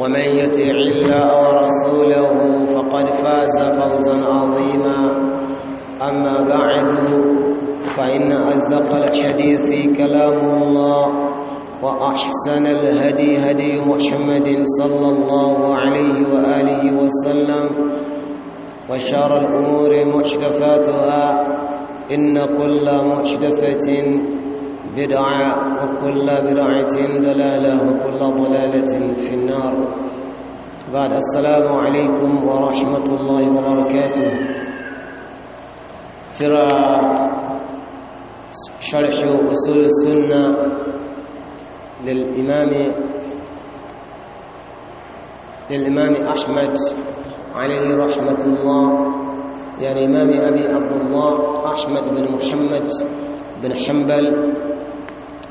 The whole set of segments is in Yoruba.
ومن يطع الله ورسوله فقد فاز فوزا عظيما أما بعد فإن أصدق الحديث كلام الله وأحسن الهدي هدي محمد صلى الله عليه وآله وسلم وشر الأمور محدثاتها إن كل محدثة بدعة وكل بدعة دلالة وكل ضلالة في النار بعد السلام عليكم ورحمة الله وبركاته ترى شرح أصول السنة للإمام للإمام أحمد عليه رحمة الله يعني إمام أبي عبد الله أحمد بن محمد بن حنبل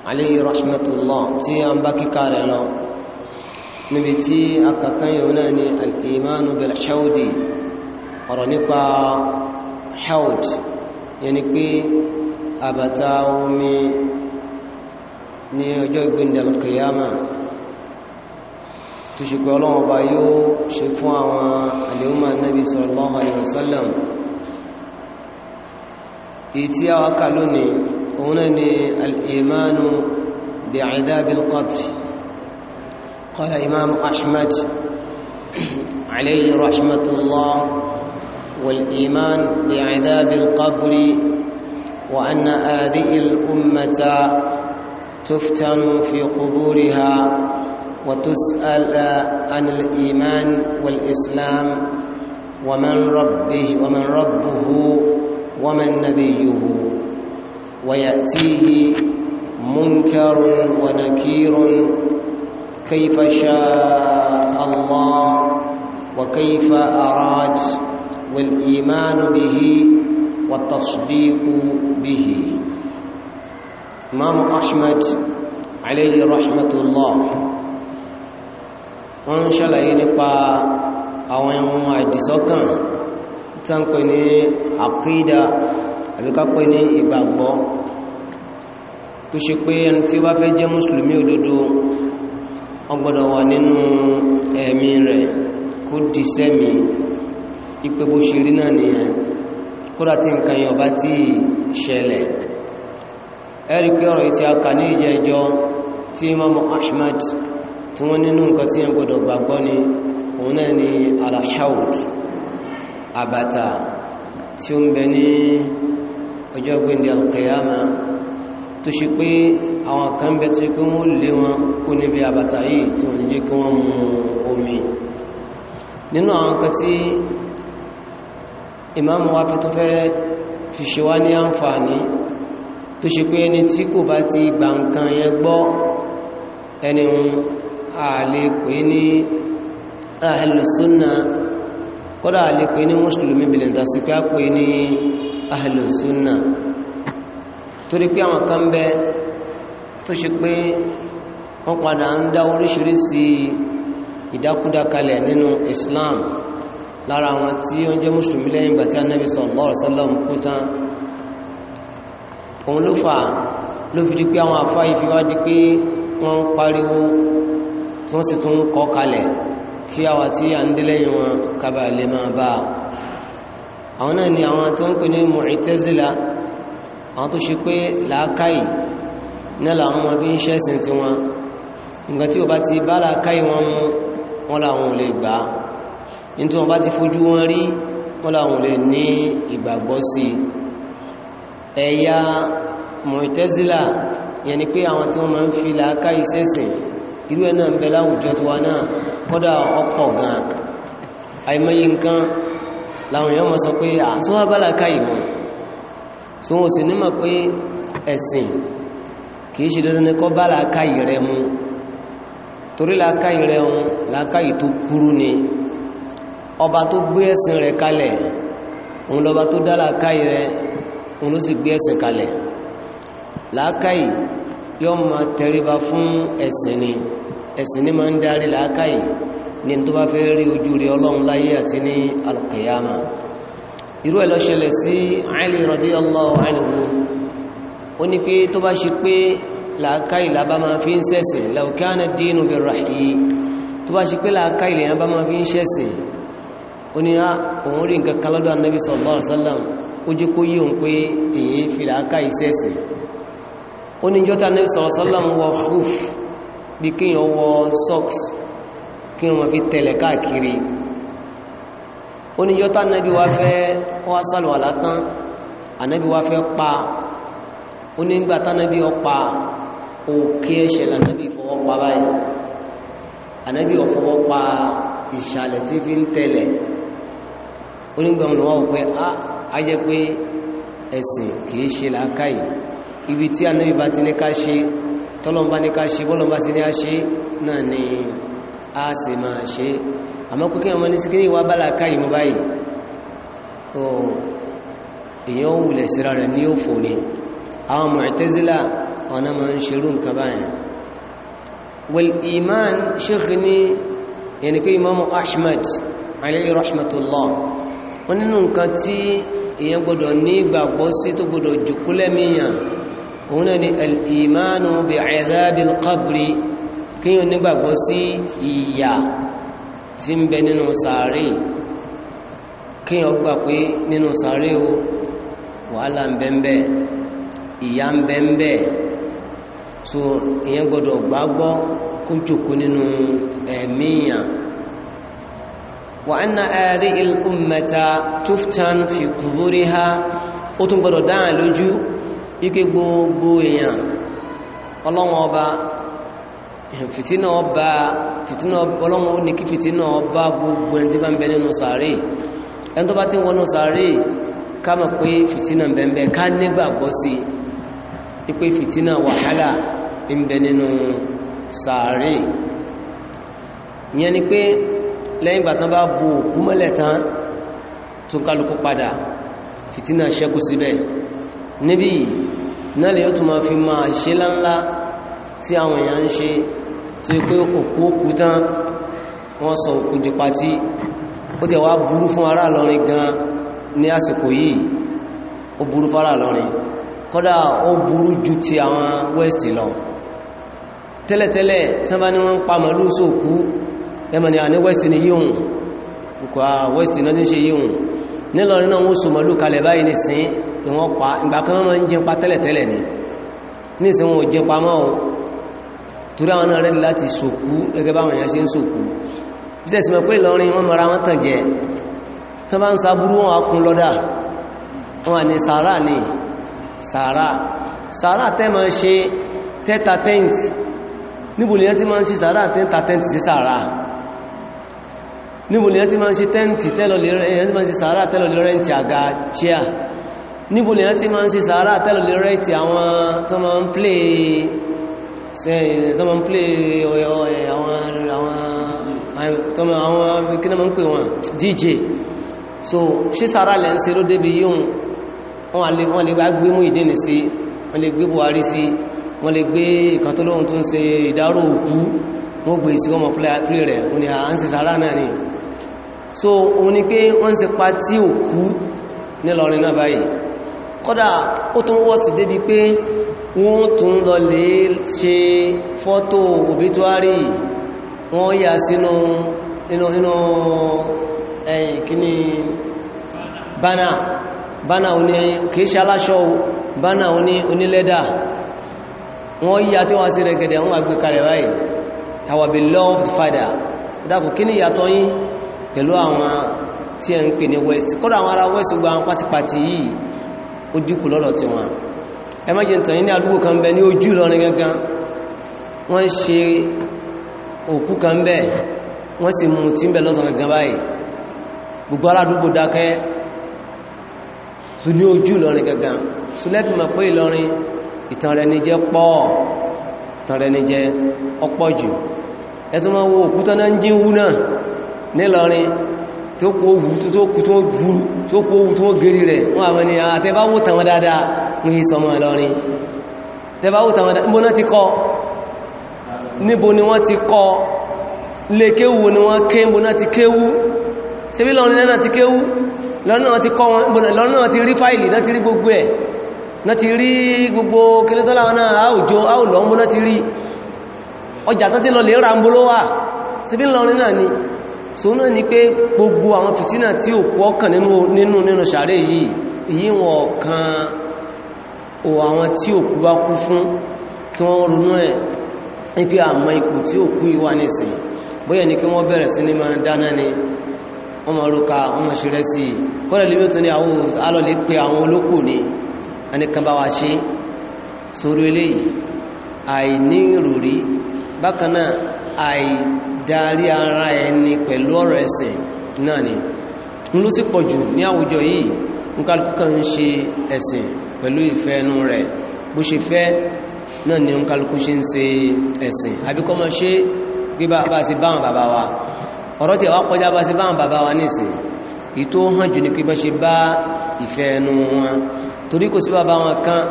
alayhi rahmatullah tí a ń bá kíkà rẹ̀ lọ níbi tí a kàkán yóò náà ni al-imanu bil hawdi ọ̀rọ̀ nípa hawd yẹn ni pé àbàtà omi ní ọjọ́ ìgbìndẹ̀lù kìyàmà tó ṣe pé ọlọ́wọ́ bá yóò ṣe fún àwọn àlèhùmà nábi sallallahu alaihi wasallam èyí tí a wákà lónìí أنني الإيمان بعذاب القبر قال إمام أحمد عليه رحمة الله والإيمان بعذاب القبر وأن هذه الأمة تفتن في قبورها وتسأل عن الإيمان والإسلام ومن ربه ومن ربه ومن نبيه ويأتيه منكر ونكير كيف شاء الله وكيف أراد والإيمان به والتصديق به إمام أحمد عليه رحمة الله wọ́n ṣàlàyé nípa àwọn ẹ̀wọ̀n àdìsọ́kàn tí wọ́n pè ní àkídà àbí ká pè ní ìgbàgbọ́ tó ṣe pé ẹni tí ó bá fẹ́ jẹ́ mùsùlùmí òdodo ó gbọ́dọ̀ wà nínú ẹ̀mí rẹ̀ kó dì sẹ́mi ipe bó ṣe rí náà nìyẹn kódà tí nǹkan yẹn ọba tí ṣẹlẹ̀ ẹ̀rí pé ọ̀rọ̀ ìtì aka ní ìjẹ́ ẹjọ́ tí imamu ahmad tí wọ́n nínú nǹkan tí yẹn gbọ́dọ̀ gbàgbọ́ ni òun náà ni alahawd àbàtà tí ó ń bẹ ní ọjọ́ gbẹ̀ndì alkiyama tó ṣe pé àwọn kan bẹ tó ṣe pé wọ́n lé wọn kó níbi àbàtà yìí tí wọ́n jẹ́ kí wọ́n mu omi nínú àwọn kan tí ìmáàmù wa fi tó fẹ́ fi ṣe wá ní àǹfààní tó ṣe pé ẹni tí kò bá ti gbà nǹkan yẹn gbọ́ ẹni hun a lè pè ní ahlùsúnà kódà a lè pè ní mùsùlùmí bìlìntàsí pé a pè ní ahlu sunna torí pé àwọn kan bẹ tó ṣe pé wọ́n padà ń dá oríṣiríṣi ìdákúdá kalẹ̀ nínú islam lára àwọn tí ó ń jẹ́ mùsùlùmí lẹ́yìn ìgbà tí anábì sallallahu alaihi wasallam kú tán òun ló fà ló fi di pé àwọn àfá yìí fi wá di pé wọ́n ń pariwo tí wọ́n sì tún kọ́ kalẹ̀ kí àwa tí à ń dé lẹ́yìn wọn kábàá máa bá a àwọn náà ni àwọn tó ń pè ní Mu'tazila àwọn tó ṣe pé làákàyè náà làwọn ọmọ bí ń ṣẹ́sìn tí wọn nǹkan tí ó bá ti bá làákàyè wọn mú wọn làwọn ò gbà á ní tí wọn bá ti fojú wọn rí wọn làwọn ò ní ìgbàgbọ́ sí ẹ̀yà Mu'tazila yẹn ni pé àwọn tí wọ́n máa ń fi làákàyè ṣẹ́sìn irú ẹ̀ náà ń bẹ láwùjọ tiwa náà kódà ọ̀pọ̀ gan-an àìmọye nǹkan láwọn èèyàn mọ́ sọ pé àṣọ́wà ah, bálàká ìmọ̀ tí wọ́n sì nímọ̀ pé ẹ̀sìn kìí ṣe dandan ní kọ́ bálàká ìrẹ mu torí làáká ìrẹ ohun làáká ìtò kúrú ni ọba tó gbé ẹ̀sìn rẹ̀ kalẹ̀ òun lọba tó dá làáká ìrẹ òun ló sì gbé ẹ̀sìn kalẹ̀ làáká ì yọ́ máa tẹríba fún ẹ̀sìn ni ẹ̀sìn ni máa ń darí làáká ní tó bá fẹ́ rí ojú rí ọlọ́run láyé àti ní alkiyama irú ẹ̀ ló ṣẹlẹ̀ sí Ali radiyallahu anhu ó ní pé tó bá ṣe pé làákàyè lábá máa fi ń ṣẹ̀sìn law kana ad-dinu bir-rahyi tó bá ṣe pé làákàyè lèyàn bá máa fi ń ṣẹ̀sìn ó ní ah, òun rí nǹkan kan lọ́dọ̀ anábì sallallahu alaihi wasallam ó bí kíyàn wọ socks kí wọ́n fi tẹ̀lẹ̀ káàkiri oníjọ́ta anábí wá fẹ́ wá sálùwà látán anábí wá fẹ́ pa onígbàtá anábí ọpa òkè ẹ̀ṣẹ̀ lànàbí ìfọwọ́pa báyìí anábí ọ̀fọwọ́pa ìṣàlẹ̀ tí fi ń tẹ̀lẹ̀ onígbàmù lọ́wọ́ pé a jẹ́ pé ẹ̀sìn kìí ṣe làákàyè ibi tí anábí bá ti ní ká ṣe tọ́lọ́mbá ní ká ṣe bọ́lọ́mbá sí ní á ṣe náà ni a sì máa ṣe àmọ́ pé kí wọ́n ní sí kí ní ìwà bá làákà yìí mú báyìí tó èèyàn wulẹ̀ síra rẹ̀ ní òfò ni àwọn Mu'tazila ọ̀nà máa ń ṣerú nǹkan báyìí wal iman ṣéèkì ní yẹni Imam Ahmad alayhi rahmatullah wọn nínú nǹkan tí kí o nígbàgbọ́ sí ìyà tí ń bẹ nínú sàárè kí o gbà pé nínú sàárè o wàhálà ń bẹ́ńbẹ́ ìyà ń bẹ́ńbẹ́ so ìyẹn gbọ́dọ̀ gbàgbọ́ kó jòkó nínú ẹ̀míyàn wa na hadhihi al mmeta tuftan fi ha ó tún gbọ́dọ̀ dáhà lójú ike gbogbo èèyàn ọlọ́wọ́n ọba fìtínà ọba fìtínà ọlọ́run ó ní kí fìtínà ọba gbogbo ẹni tí bá ń bẹ nínú sàárè ẹni tó bá ti ń wọnú sàárè ká mọ̀ pé fìtínà ń bẹ ń bẹ ká nígbàgbọ́ sí i pé fìtínà wàhálà ń bẹ nínú sàárè ìyẹn ni pé lẹ́yìn ìgbà tán bá bu òkú mọ́lẹ̀ tán tó kálukú padà fìtínà ṣẹ́kù síbẹ̀ níbí náà lè yóò tún máa fi máa ṣe láńlá tí àwọn èèyàn ń ṣe tó yẹ pé òkú òkú tán wọ́n sọ òkú di patí ó ti wá burú fún ará lọrin gan ní àsìkò yìí ó burú fún ará lọrin kódà ó burú ju ti àwọn west lọ tẹ́lẹ̀tẹ́lẹ̀ tí wọ́n bá ní wọ́n pa màálù sóòkú ẹmọ̀ ni à ní west ni yíò kò à west náà ní ṣe yíò nílọrin náà wọ́n so màálù kalẹ̀ báyìí nìsín ìwọ́n pa ìgbà kan náà pa tẹ́lẹ̀tẹ́lẹ̀ ni nísìn wọn ò jẹun pa mọ́ torí àwọn náà rẹ̀ láti sòkú gẹ́gẹ́ báwọn èèyàn ṣe ń sòkú bíṣẹ̀ sí mọ̀ pé Ìlọrin wọ́n mara wọ́n tàn jẹ tó bá ń sábúrú wọn akún lọ́dà wọn ni sàárà ni sàárà sàárà tẹ́ ma ṣe tẹ́ta tent níbùlẹ̀ tí ma ń ṣe sàárà tẹ́ta tent sí sàárà níbùlẹ̀ tí ma ń ṣe tẹ́ntì tẹ́lọ̀lẹ̀ rẹ̀ntì àga chair níbùlẹ̀ tí ma ń ṣe sàárà play tó máa ń plé ọ̀yọ̀ eh, eh, àwọn àwọn eh, kí náà máa ń pè wọn dj so ṣí sára lẹ́ ń ṣe ló débi yíò wọ́n lè gbé mú ìdí nì sí wọ́n lè gbé buhari sí wọ́n lè gbé ìkan tó lóhun tó ń ṣe ìdárò òkú wọ́n gbé sí ọmọ plé rẹ̀ wọ́n ni à ń ṣe sára náà ni so òun ni pé wọ́n ṣe pati òkú nílọrin náà báyìí kódà ó tún wọ́sì débi pé wọ́n tún lọ lè ṣe fọ́tò obituary wọ́n yà sínú inú inú ẹ̀yìn kíní bana bánà oní kìí ṣe aláṣọ bánà oní onílẹ́dà wọ́n yà tí wọ́n sí rẹ̀ gẹ̀dẹ̀ wọ́n àgbé kalẹ̀ báyìí our beloved father ìdákùn kíní yàtọ̀ yín pẹ̀lú àwọn tí ẹ ń pè ní west kọ́dọ̀ àwọn ará west gba àwọn pátípátí yìí ó dínkù lọ́dọ̀ tí wọ́n ẹmọ́jẹntàn yìí ní àdúgbò kan bẹ ní ojú lọrin gangan wọ́n ṣe òkú kan bẹ wọ́n sì mú tí ń bẹ lọ́sàn gangan báyìí gbogbo aládùúgbò dákẹ́ tó ní ojú lọrin gangan tó lẹ́fì mọ̀ pé Ìlọrin ìtàn rẹ̀ níjẹ́ pọ̀ ìtàn rẹ̀ níjẹ́ ọ̀pọ̀ jù ẹtún máa wo òkú tán náà ń jí wú náà nílọrin tó kú owú tó kú tó rẹ̀ wọ́n àwọn ènìyàn àtẹ́báwò tàwọn dáadáa ní ìsọmọ ìlọrin tẹbáwò tàwọn ìbóná ti kọ́ níbo ni wọ́n ti kọ́ lè kéwù ni wọ́n ké ìbóná ti kéwù síbí lọ́rin náà ti kéwù lọ́rin náà ti kọ́ wọn lọ́rin náà ti rí fáìlì náà ti rí ni so náà ni pé gbogbo àwọn fìtínà tí ò pọ̀ kàn nínú nínú sàárè yìí èyí kan o àwọn tí òkú bá kú fún kí wọ́n ronú ẹ̀ ní pé àmọ́ ipò tí òkú yìí wà nísìn bóyẹ̀ ni kí wọ́n bẹ̀rẹ̀ sí ní máa dáná ni wọ́n máa roka wọ́n máa ṣeré sí kọ́lẹ̀ lè mẹ́tọ́ ni àwọn alọ́lẹ̀ pé àwọn olókù ni ẹnìkan bá wa ṣe sórí eléyìí àìní ìròrí bákan náà àìdarí ara ẹni pẹ̀lú ọ̀rọ̀ ẹ̀sìn náà ni ń ló sì pọ̀jù ní àwùjọ yìí ń kan ń ṣe ẹ̀sìn pẹ̀lú ìfẹ́ ẹnu rẹ̀ bó ṣe fẹ́ náà ni oníkálukú ṣe ń ṣe ẹ̀sìn àbíkọ́ mọ́ ṣe gbé bá ṣe báwọn bàbá wa ọ̀rọ̀ tí àwọn kọjá bá ṣe báwọn bàbá wa nísìn ìtò hàn jù ní pé bá ṣe bá ìfẹ́ ẹnu wọn torí kò sí bàbá wọn kan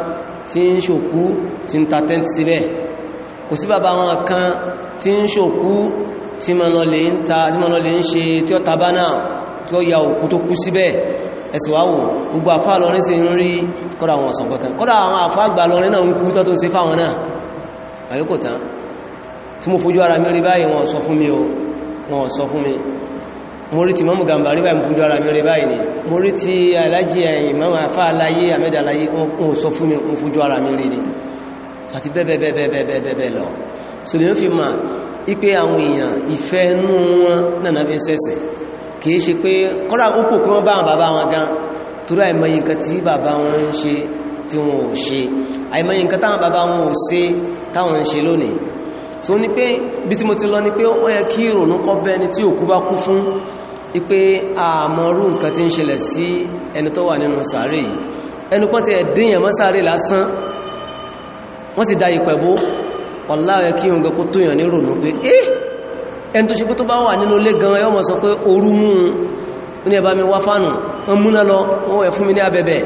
tí ń ṣòkú tí ń ta tẹ́ntì síbẹ̀ ẹ̀sì wá wò gbogbo àfá lọrin sí ń rí kọ́dà àwọn ọ̀sán kankan kọ́dà àwọn àfá àgbà lọrin náà ń kú tọ́ tó sí fáwọn náà àyíkò tán tí mo fojú ara mi rí báyìí wọn sọ fún mi mo rí ti mọ́mù gàmbà rí báyìí mo fojú ara mi rí báyìí ni mo rí ti alájí ẹ̀yìn eh, mọ́mù àfá aláyé àmẹ́dà aláyé wọn ni àti bẹ́ẹ̀bẹ́ẹ̀bẹ́ẹ̀bẹ́ẹ̀ lọ sùlẹ̀ ń fi mà ipe àwọn èèyàn ìfẹ́ nú wọn náà náà fi ń kìí ṣe pé kọ́lá ó kò kí wọ́n bá wọn bàbá wọn gan torí àìmọye nǹkan tí bàbá wọn ń ṣe tí wọn ò ṣe àìmọye nǹkan táwọn bàbá wọn ò ṣe táwọn ń ṣe lónìí so ní pé bí tí mo ti lọ ní pé ó yẹ kí ìrònú kọ́ bẹ́ ẹni tí òkú bá kú fún wípé àmọ́rú nǹkan tí ń ṣẹlẹ̀ sí ẹni tó wà nínú sàárè yìí ẹnu kan ti ẹ̀dínyàn mọ́ sàárè lásán wọ́n ti da ìpẹ̀bó ọ̀lá ó yẹ kí òun gan kó tóyàn ní ìrònú pé eh ẹn tó ṣe pé tó bá wà nínú ilé gan yọ́ mọ̀ sọ pé orú mú ní ẹ̀bá mi wá fánù ń múná lọ wọ́n ẹ̀ fún mi ní abẹ́bẹ̀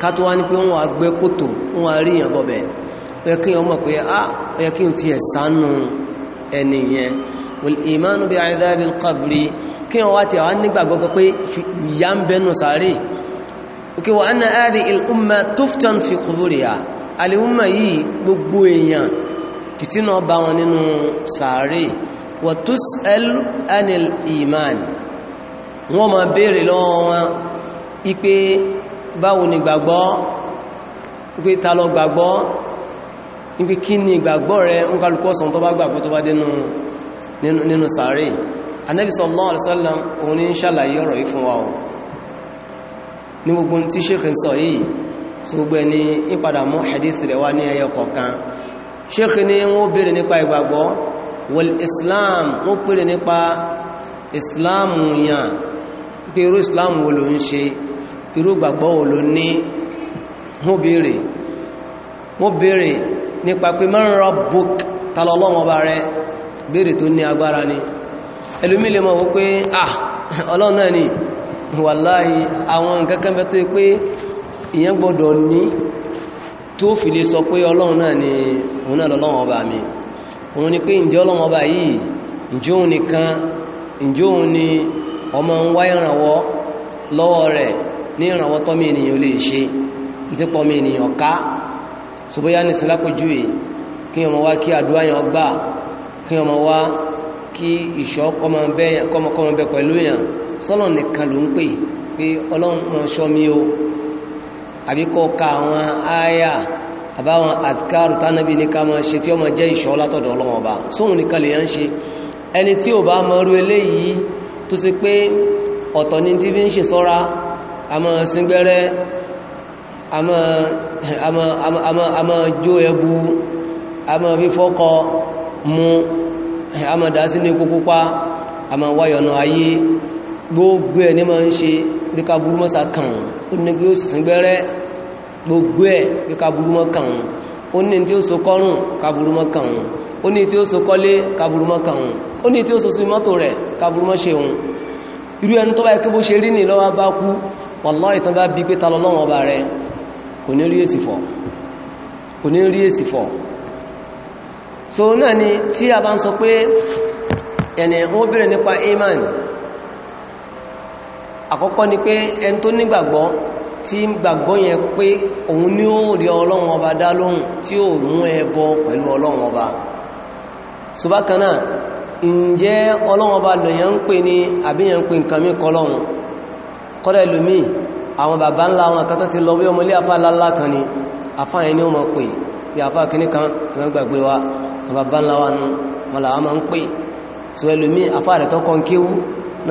ká tó wá ní pé wọ́n wà gbẹ́ kòtò wọ́n wà rí ìyàn bọ̀bẹ̀ ẹ̀ kí wọ́n mọ̀ pé á ẹ̀ kí wọ́n ti ẹ̀ sánú ẹni yẹn wal fìtínà bá wọn nínú sáré wàtúsẹ̀l anil iman wọ́n ma béèrè lọ́wọ́ wọn ipé báwo ni gbàgbọ́ ipé ta ló gbàgbọ́ ipé kí ni gbàgbọ́ rẹ ń kálùkọ́ sọ tó bá gbàgbọ́ tó bá nínú sàárè anábi sallallahu ni wọ́n béèrè nípa ìgbàgbọ́ wọl islam wọ́n pèrè nípa islam yàn pé irú islam wo ló ń ṣe irú gbàgbọ́ wo ló ní wọ́n bèèrè wọ́n bèèrè nípa pé man rabbuk talọ́lọ́wọ́ bá tó ní agbára ni lè mọ̀ wó pé ah ọlọ́run ni àwọn pé ìyẹn gbọ́dọ̀ ní tó fi lè sọ pé ọlọ́run náà ni òun òun ni pé ǹjẹ́ ọlọ́wọ́n ọba yìí ǹjẹ́ òun nìkan ǹjẹ́ òun ni ọmọ ń wá ìrànwọ́ lọ́wọ́ rẹ̀ ní ìrànwọ́ tọ́mí ènìyàn lè ṣe tí pọ̀mí ènìyàn ká ṣùgbọ́yá ní sílápójú kí ọmọ wá kí àdúrà gbà kí ọmọ wá kí àbáwọn àdìkárù tánàbí ní ká máa ṣe tí ó máa jẹ́ ìṣọ́ látọ̀dọ̀ ọlọ́wọ̀n ọba sóhun nìkan lè yán ṣe ẹni tí ò bá mọ rú eléyìí tó sì pé ọ̀tọ̀ ní tí fi ń ṣe sọ́ra àmọ́ síngbẹ́rẹ́ àmọ́ jó ẹbu àmọ́ fífọ́kọ mu àmọ́ dá sínú ikú pupa àmọ́ wáyọ̀nà ayé gbogbo ẹ̀ ní máa ń ṣe díkà burúmọ́sà kàn ó ní kí gbogbo ẹ̀ pé kaburú mọ́ kàn wọn ó ní tí ó so kọ́rùn kaburú mọ́ kàn wọn ó ní tí ó so kọ́lé kaburú mọ́ kàn wọn ó ní tí ó so sí mọ́tò rẹ̀ kaburú mọ́ ṣe wọn irú ẹni tó bá ikú bó ṣe rí ní lọ́wọ́ bá kú wallahi tán bá bí pé ta lọ́wọ́ ọba rẹ̀ kò ní rí èsì fọ́ kò ní rí èsì fọ́ so náà ni tí a bá ń sọ pé ẹni wọ́n bẹ̀rẹ̀ nípa iman àkọ́kọ́ ni pé ẹni tó nígbàgbọ́ tí ń gbàgbọ́ yẹn pé òun ní ó rí ọlọ́run ọba dá lóhun tí ó mú ẹbọ pẹ̀lú ọlọ́run ọba ṣùgbákaná ǹjẹ́ ọlọ́run ọba lòyàn ń pè ní àbíyàn ń pè nǹkan mí kọlọ́run kọ́lẹ̀ lómi àwọn bàbá ńlá àwọn akátọ́ ti lọ bí ọmọ ilé afá lálá kan ni afá yẹn ni ó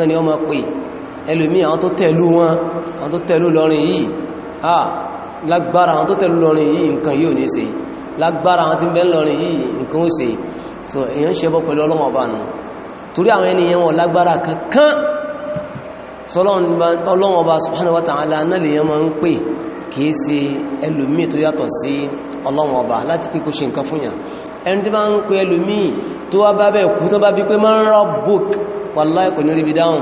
ni ó mọ̀ pè ẹlòmí àwọn tó tẹ̀lú wọn àwọn tó tẹ̀lú lọ́rin yìí ha lágbára àwọn tó tẹ̀lú lọ́rin yìí nǹkan yóò ní ṣe lágbára àwọn tí ń bẹ lọ́rin yìí nǹkan ó ṣe so èyàn ṣe bọ́ pẹ̀lú ọlọ́wọ́ bá nù torí àwọn ènìyàn wọn lágbára kankan sọlọ́wọ́ bá subhanahu wa ta'ala náà lèyàn máa ń pè kìí ṣe ẹlòmí tó yàtọ̀ sí ọlọ́wọ́ bá láti pé kó ṣe nǹkan fún wallahi kò ní rí bi dáhùn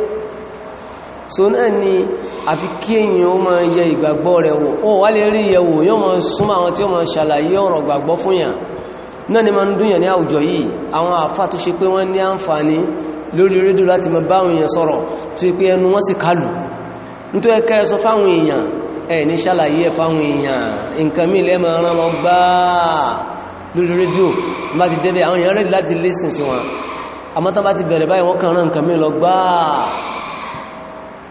so náà ni àfi kí èyàn ó máa yẹ ìgbàgbọ́ rẹ̀ wò ó wà lè rí ìyẹ̀wò yóò máa súnmọ́ àwọn tí ó máa ṣàlàyé ọ̀rọ̀ gbàgbọ́ fún yàn náà ni máa ń dúnyàn ní àwùjọ yìí àwọn àfà tó ṣe pé wọ́n ní àǹfààní lórí rédíò láti máa bá àwọn èèyàn sọ̀rọ̀ tó pé ẹnu wọ́n sì àmọ́ tán bá ti bẹ̀rẹ̀ báyìí wọ́n kàn rán nǹkan míì lọ gbáà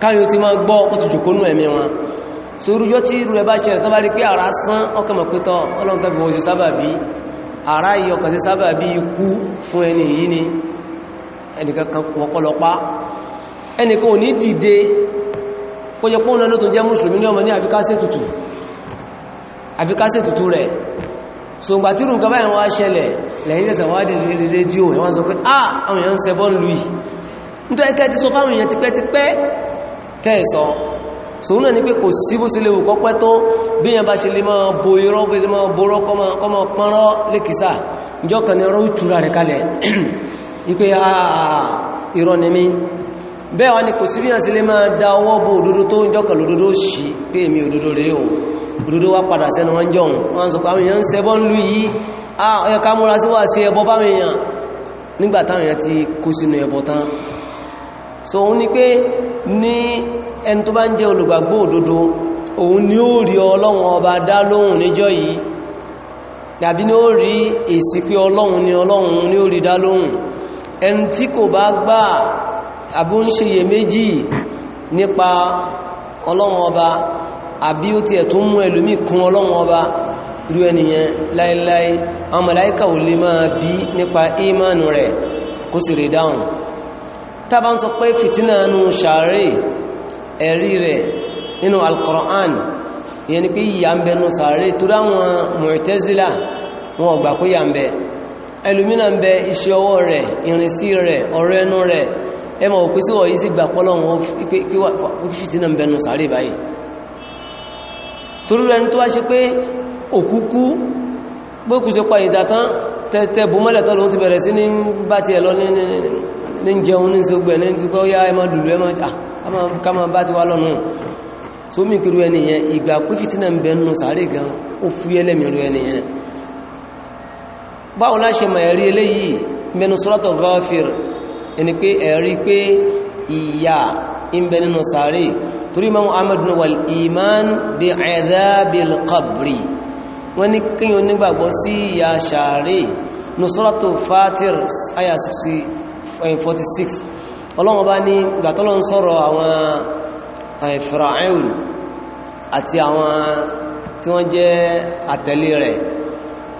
káyọ ti máa gbọ́ ó ti jòkó nú ẹ̀mí wọn sorújọ́ tí irú rẹ̀ bá ṣẹlẹ̀ tán bá rí pé ara sán ọkàn mọ̀ pẹ́tọ́ ọlọ́run tàbí wọ́n sí sábàbí ara yìí ọkàn sí sábàbí ikú fún ẹni yìí ni so ngbà tí rùnkà báyìí wọ́n ṣẹlẹ̀ lẹ́yìn tẹ̀sẹ̀ wọ́n dẹ̀ lè rédíò ẹ̀wọ́n sọ ah àwọn èèyàn ń sẹ́bọ́n lùí nítorí kẹ́ ti tẹ́ẹ̀sọ sòun náà ní pé kò sí bó sí léwu kọ́pẹ́ tó bí yẹn bá ṣe lè máa bo irọ́ bí lè máa borọ́ kọ́mọ pọ́nrọ́ lékìsà ìjọ kan ní ọrọ̀ ìtura rẹ̀ kalẹ̀ ipé irọ́ ni mí bẹ́ẹ̀ wá ní kò sí yẹn sí lè máa da ọwọ́ bo òdodo tó ń jọ kan lódodo sí pé èmi òdodo rẹ̀ o òdodo wá padà sẹ́nu wọn jọun wọn sọ pé àwọn èèyàn ń sẹ́bọ́ ń lú yìí ọyọ ká múra so òun ní ẹni tó bá ń jẹ́ olùgbàgbọ́ òdodo òun ni ó rí ọlọ́run ọba dá lóhùn níjọ́ yìí tàbí ni ó rí èsì pé ọlọ́run ni ọlọ́run ni ó rí dá lóhùn ẹni tí kò bá gbà àbí ń ṣe yẹ méjì nípa ọlọ́run ọba àbí ó tiẹ̀ tó mú ẹlòmí kún ọlọ́run ọba irú ẹniyàn láíláí àwọn màláíkà ò lè máa bí nípa ìmánu rẹ̀ kó sì rí dáhùn tàbá ń sọ pé fìtínà nù sàárè ẹ̀rí rẹ̀ nínú alkọ̀rán ìyẹn ni pé ìyà ń bẹ nù sàárè tó dáwọn Mu'tazila wọn ọgbà pé yà ń bẹ ẹlòmínà ń bẹ iṣẹ́ ọwọ́ rẹ̀ ìrìnsí rẹ̀ ọ̀rọ̀ ẹnu rẹ̀ ẹ mọ̀ òpin sí wọ̀nyí sí gbà pọ́lọ́wọ́n fìtínà ń bẹ nù sàárè báyìí torí rẹ̀ tó wá ṣe pé òkúkú gbókùsọpá ìdátán tẹ́tẹ́ bùmọ́lẹ̀ tọ́lọ́ ti bẹ̀rẹ̀ sí ní bá ti ẹ̀ lọ ní ní jẹun ní ṣogbẹ̀ ní ti kọ́ yá ẹmọ dùlù ẹmọ kama bá ti wá lọ́nà so mi kìrú ẹniyẹn ìgbà pé fìtínà ń bẹ nínú sàárè gan ó fúyẹ́lẹ̀mìrú ẹniyẹn báwọn láṣẹ mọ̀ ẹ̀rí eléyìí mẹ́nu suratul Ghafir ẹni pé ẹ̀rí pé ìyà ń bẹ nínú sàárè torí Imam Ahmad ní wal 46 eh, ọlọ́wọ́n bá ní gbàtọ́lọ́ ń sọ̀rọ̀ àwọn eh, Fir'aun àti àwọn tí wọ́n jẹ́ àtẹ̀lé rẹ̀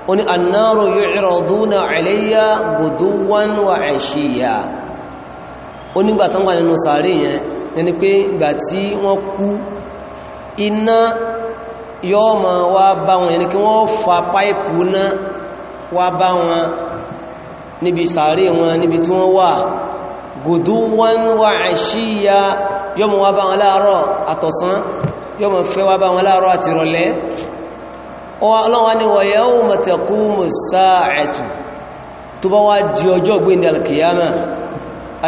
ó ní annaru yu'raduna alayya guduwan wa 'ashiyya yọ́ ma wá bá wọn yẹn kí wọ́n fa páìpù náà wá bá wọn níbi sàárè wọn níbi tí wọ́n wà guduwan wa àṣíyà yóò mọ̀ wá bá wọn láàárọ̀ àtọ̀sán yóò mọ̀ fẹ́ wá bá wọn láàárọ̀ àti rọ̀lẹ́ ọlọ́wọ́ ni wa yawma taqumu as-sa'atu tó bá wá di ọjọ́ gbíndà alkiyama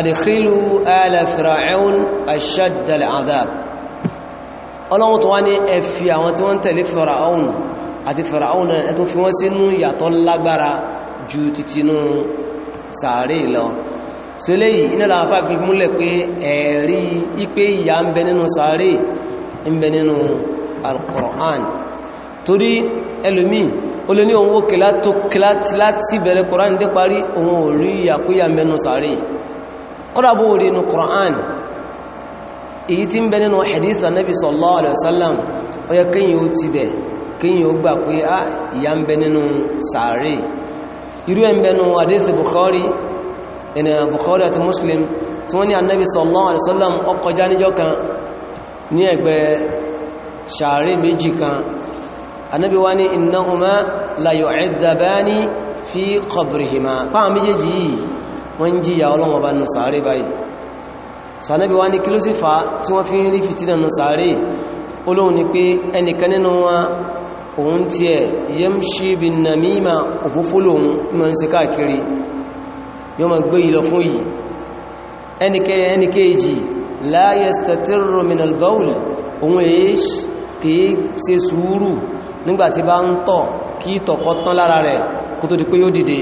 adkhilu ala fir'aun ashadda al'adab ọlọ́wọ́ tó ní ẹfì àwọn tí wọ́n tẹ̀lé fir'aun àti fir'aun ẹ̀tún fi wọ́n sínú yàtọ̀ lágbára ju titinú sàárè lọ so léyìí iná làáfà fi múlẹ̀ pé ẹ̀rí ipé ìyà ń bẹ nínú sàárè ń bẹ nínú al-Qur'an torí ẹlòmí o lè ní òun òkè láti bẹ̀rẹ̀ Qur'an dé parí òun ò rí ìyàkúyà ń bẹ nínú sàárè kọ́dàbó rí nínú Qur'an èyí tí ń bẹ nínú hadith Ànábì sallallahu alaihi wasallam ó yẹ kíyàn ó ti bẹ̀ kíyàn ó gbà pé ah ìyà ń bẹ nínú sàárè irú ẹ̀mbẹ̀nu àdísì bukhari ẹ̀nà bukhari àti muslim tí wọ́n ní annabi sallallahu alaihi wasallam ó kọjá níjọ́ kan ní ẹgbẹ́ sàárè méjì kan annabi wá ní innahuma la yu'adhabani fi qabrihima pàà méjèèjì yìí wọ́n ń jíyà ọlọ́wọ́ bá nù sàárè báyìí so annabi wá òun tí ẹ̀ yẹ́mṣí bí nàmíma òfófó lòun ma ń ṣe káàkiri yóò ma gbé ìlọ fún yìí ẹnikẹ́yẹ ẹnikẹ́jì la yastatirru min al-bawl òun èyí kìí ṣe sùúrù nígbàtí bá ń tọ̀ kí tọ̀kọ́ tán lára rẹ̀ kó tó di pé yóò dìde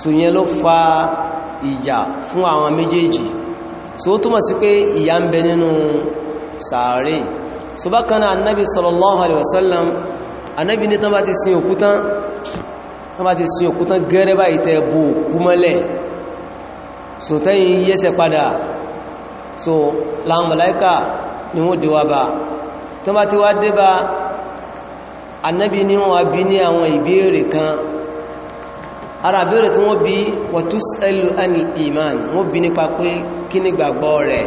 so ló fa ìjà fún àwọn méjèèjì so ó túmọ̀ sí pé ìyà ń bẹ nínú sàárè so bákan náà annabi sallallahu alaihi wasallam annabi ní tán bá ti sin òkútán tán bá ti sin òkútán gẹ́rẹ́ bá ìtẹ́ bò kúmọ́lẹ̀ so tẹ́yìn yẹ́sẹ̀ padà so láwọn mọ̀láíkà ni wọ́n dé wá bá tán bá ti wá dé bá annabi ní wọ́n bí ní àwọn ìbéèrè kan ara ìbéèrè tí wọ́n bí wọ́n tus'alu anil iman wọ́n bí nípa pé kí ni gbàgbọ́ rẹ̀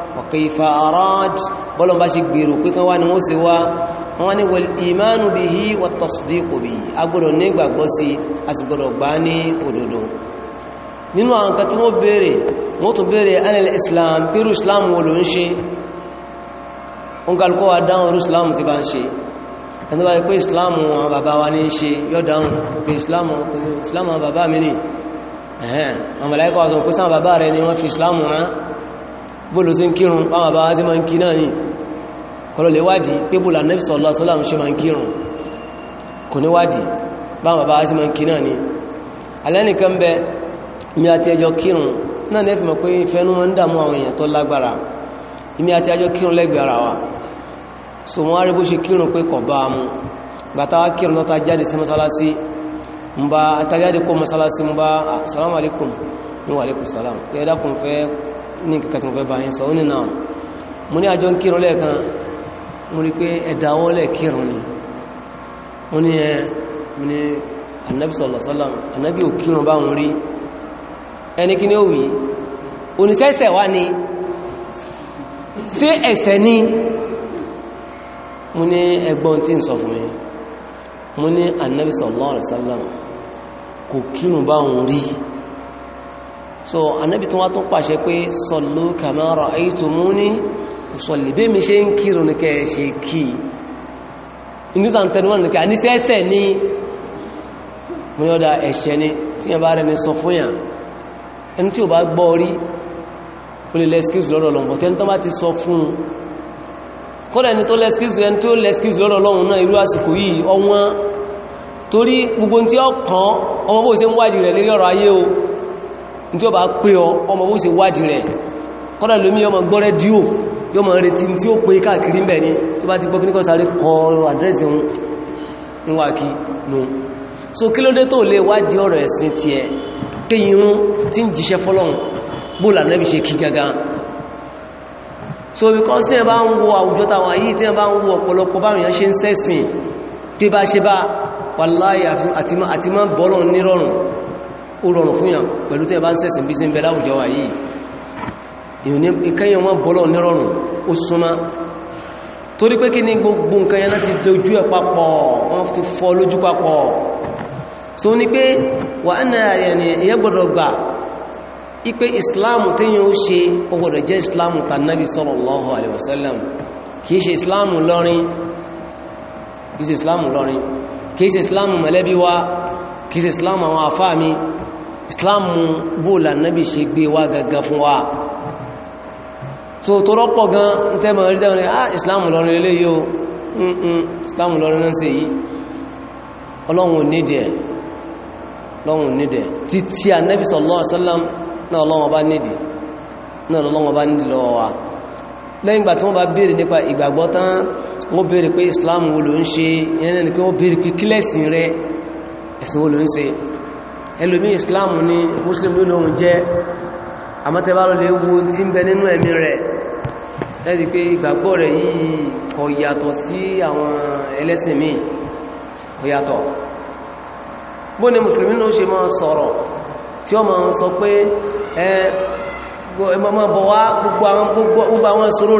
ọ̀kẹ́ifà arad bọ́lọ̀ bá ṣe gbèrò pé kan wá ní wọ́n ṣe wá wọ́n ní wal imanu bihi wa tasdiqu bihi agbọ́dọ̀ ní ìgbàgbọ́ sí àsìgbọ́dọ̀ gbá ní òdodo nínú àwọn nǹkan tí wọ́n béèrè wọ́n tó béèrè anil islam pẹ̀lú islam wo ló ń ṣe ń kálukọ́ wa dáhùn orú islam ẹ̀hẹ́n àwọn màláíkà sọ sáwọn bàbá rẹ ni wọ́n fi islam rán bóòlù sí ń kírun àwọn àbáwá sí ma ń kí náà ní kọlọ̀lẹ̀ wádìí pé bóòlù Ànábì sallallahu alaihi wasallam ṣe ma ń kírun kò ní wádìí báwọn àbáwá sí ma ń kí náà ní alẹ́nìkan bẹ mi àti ẹjọ kírun wa so wọ́n á rí bó ṣe kírun pé kọ̀ bá mu gbàtà wá kírun náà ta jáde sí mọ́sálásí ń bá àtàjáde kó ní kankan tí mo fẹ́ bá yín sọ ó ní náà mo ní àjọ ń kírun lẹ́ẹ̀kan mo rí pé ẹ̀dáwọ́lẹ̀ kírun ni mo ní ẹ mo ní anabi sallallahu alaihi wasallam anabi ò kírun báwọn rí ẹni kí ni ó wí oníṣẹ́ṣẹ̀ wá ni sí ẹ̀ṣẹ̀ ni mo ní ẹgbọ́n tí ń sọ fún mi mo ní anabi sallallahu alaihi wasallam kò kírun rí so anábì tó wá tó pàṣẹ pé sallu kama ra'aytumuni usalli bí mi ṣe ń kírun ní kẹ́ ṣe kí ìníṣà tẹnuwọ́n ní kẹ́ àníṣẹ́ẹ̀ṣẹ̀ ní mo yọ́dá ẹ̀ṣẹ̀ ni tí yẹn bá rẹ̀ ní sọ fún yàn ẹni tí ò bá gbọ́ orí ó lè lẹ́skíz lọ́rọ̀ lọ́wọ́ tẹ́ni tó bá ti sọ fún un kọ́dà ẹni tó lẹ́skíz ẹni tó torí gbogbo tí ó kàn ọmọ bó ṣe ń wájì rẹ̀ lérí ọ̀rọ̀ ayé o tí ó bá pé ọ ọmọ ó sì wádìí rẹ̀ kọ́dà lómi ọmọ gbọ́ rẹ́díò yóò mọ̀ retí tí ó pé káàkiri ń bẹ̀ ní tó bá ti gbọ́ kíníkan sáré kọrọ àdírẹ́sì ń wà kí nù so kí ló dé tó lè wádìí ọ̀rọ̀ ẹ̀sìn ti ẹ pé irun tí ń jíṣẹ́ fọ́lọ́run bóòlà náà bí ṣe kí gaga so because tí ẹ bá ń wo àwùjọ táwọn yìí tí ẹ bá ń wo ọ̀pọ̀lọpọ̀ báwọn èèyàn ṣe ń sẹ́sìn pé bá ṣe bá wàláyà ó rọrùn fún yàn pẹ̀lú tẹ́ bá ń sẹ̀sìn bí sí ń bẹ láwùjọ wà yìí ìkẹyàn wọn bọ́lọ̀ nírọ̀rùn ó torí pé kí ní gbogbo nǹkan yẹn láti dojú ẹ̀ papọ̀ wọ́n ti fọ́ lójú papọ̀ so ní pé wà ní ẹ̀yẹ islam islam alaihi wasallam kìí islamu wa kìí islamu àwọn àfáà islam bóòlà nábi ṣe gbé wá gaga fún wa so tó rọ́pọ̀ gan tẹ́mọ̀ rí dáwọn ah islam lọ́rin lélé yíò islam lọ́rin náà sí yí ọlọ́run nídẹ̀ títí ànábì sallallahu wọ́n béèrè béèrè pé islam wo ló ń pé béèrè pé ẹ̀sìn wo ló ẹlòmí islam ní muslim ló lóhun jẹ́ àmọ́tẹ́bárò lè wo tí ń bẹ nínú ẹ̀mí rẹ̀ ẹ̀dì pé ìgbàgbọ́ rẹ̀ yìí kò yàtọ̀ sí àwọn ẹlẹ́sìn míì kò yàtọ̀ bó ni musulmi ló ṣe máa sọ̀rọ̀ tí ó máa sọ pé ẹ mọ́mọ́ bọ̀ gbogbo àwọn ìṣòro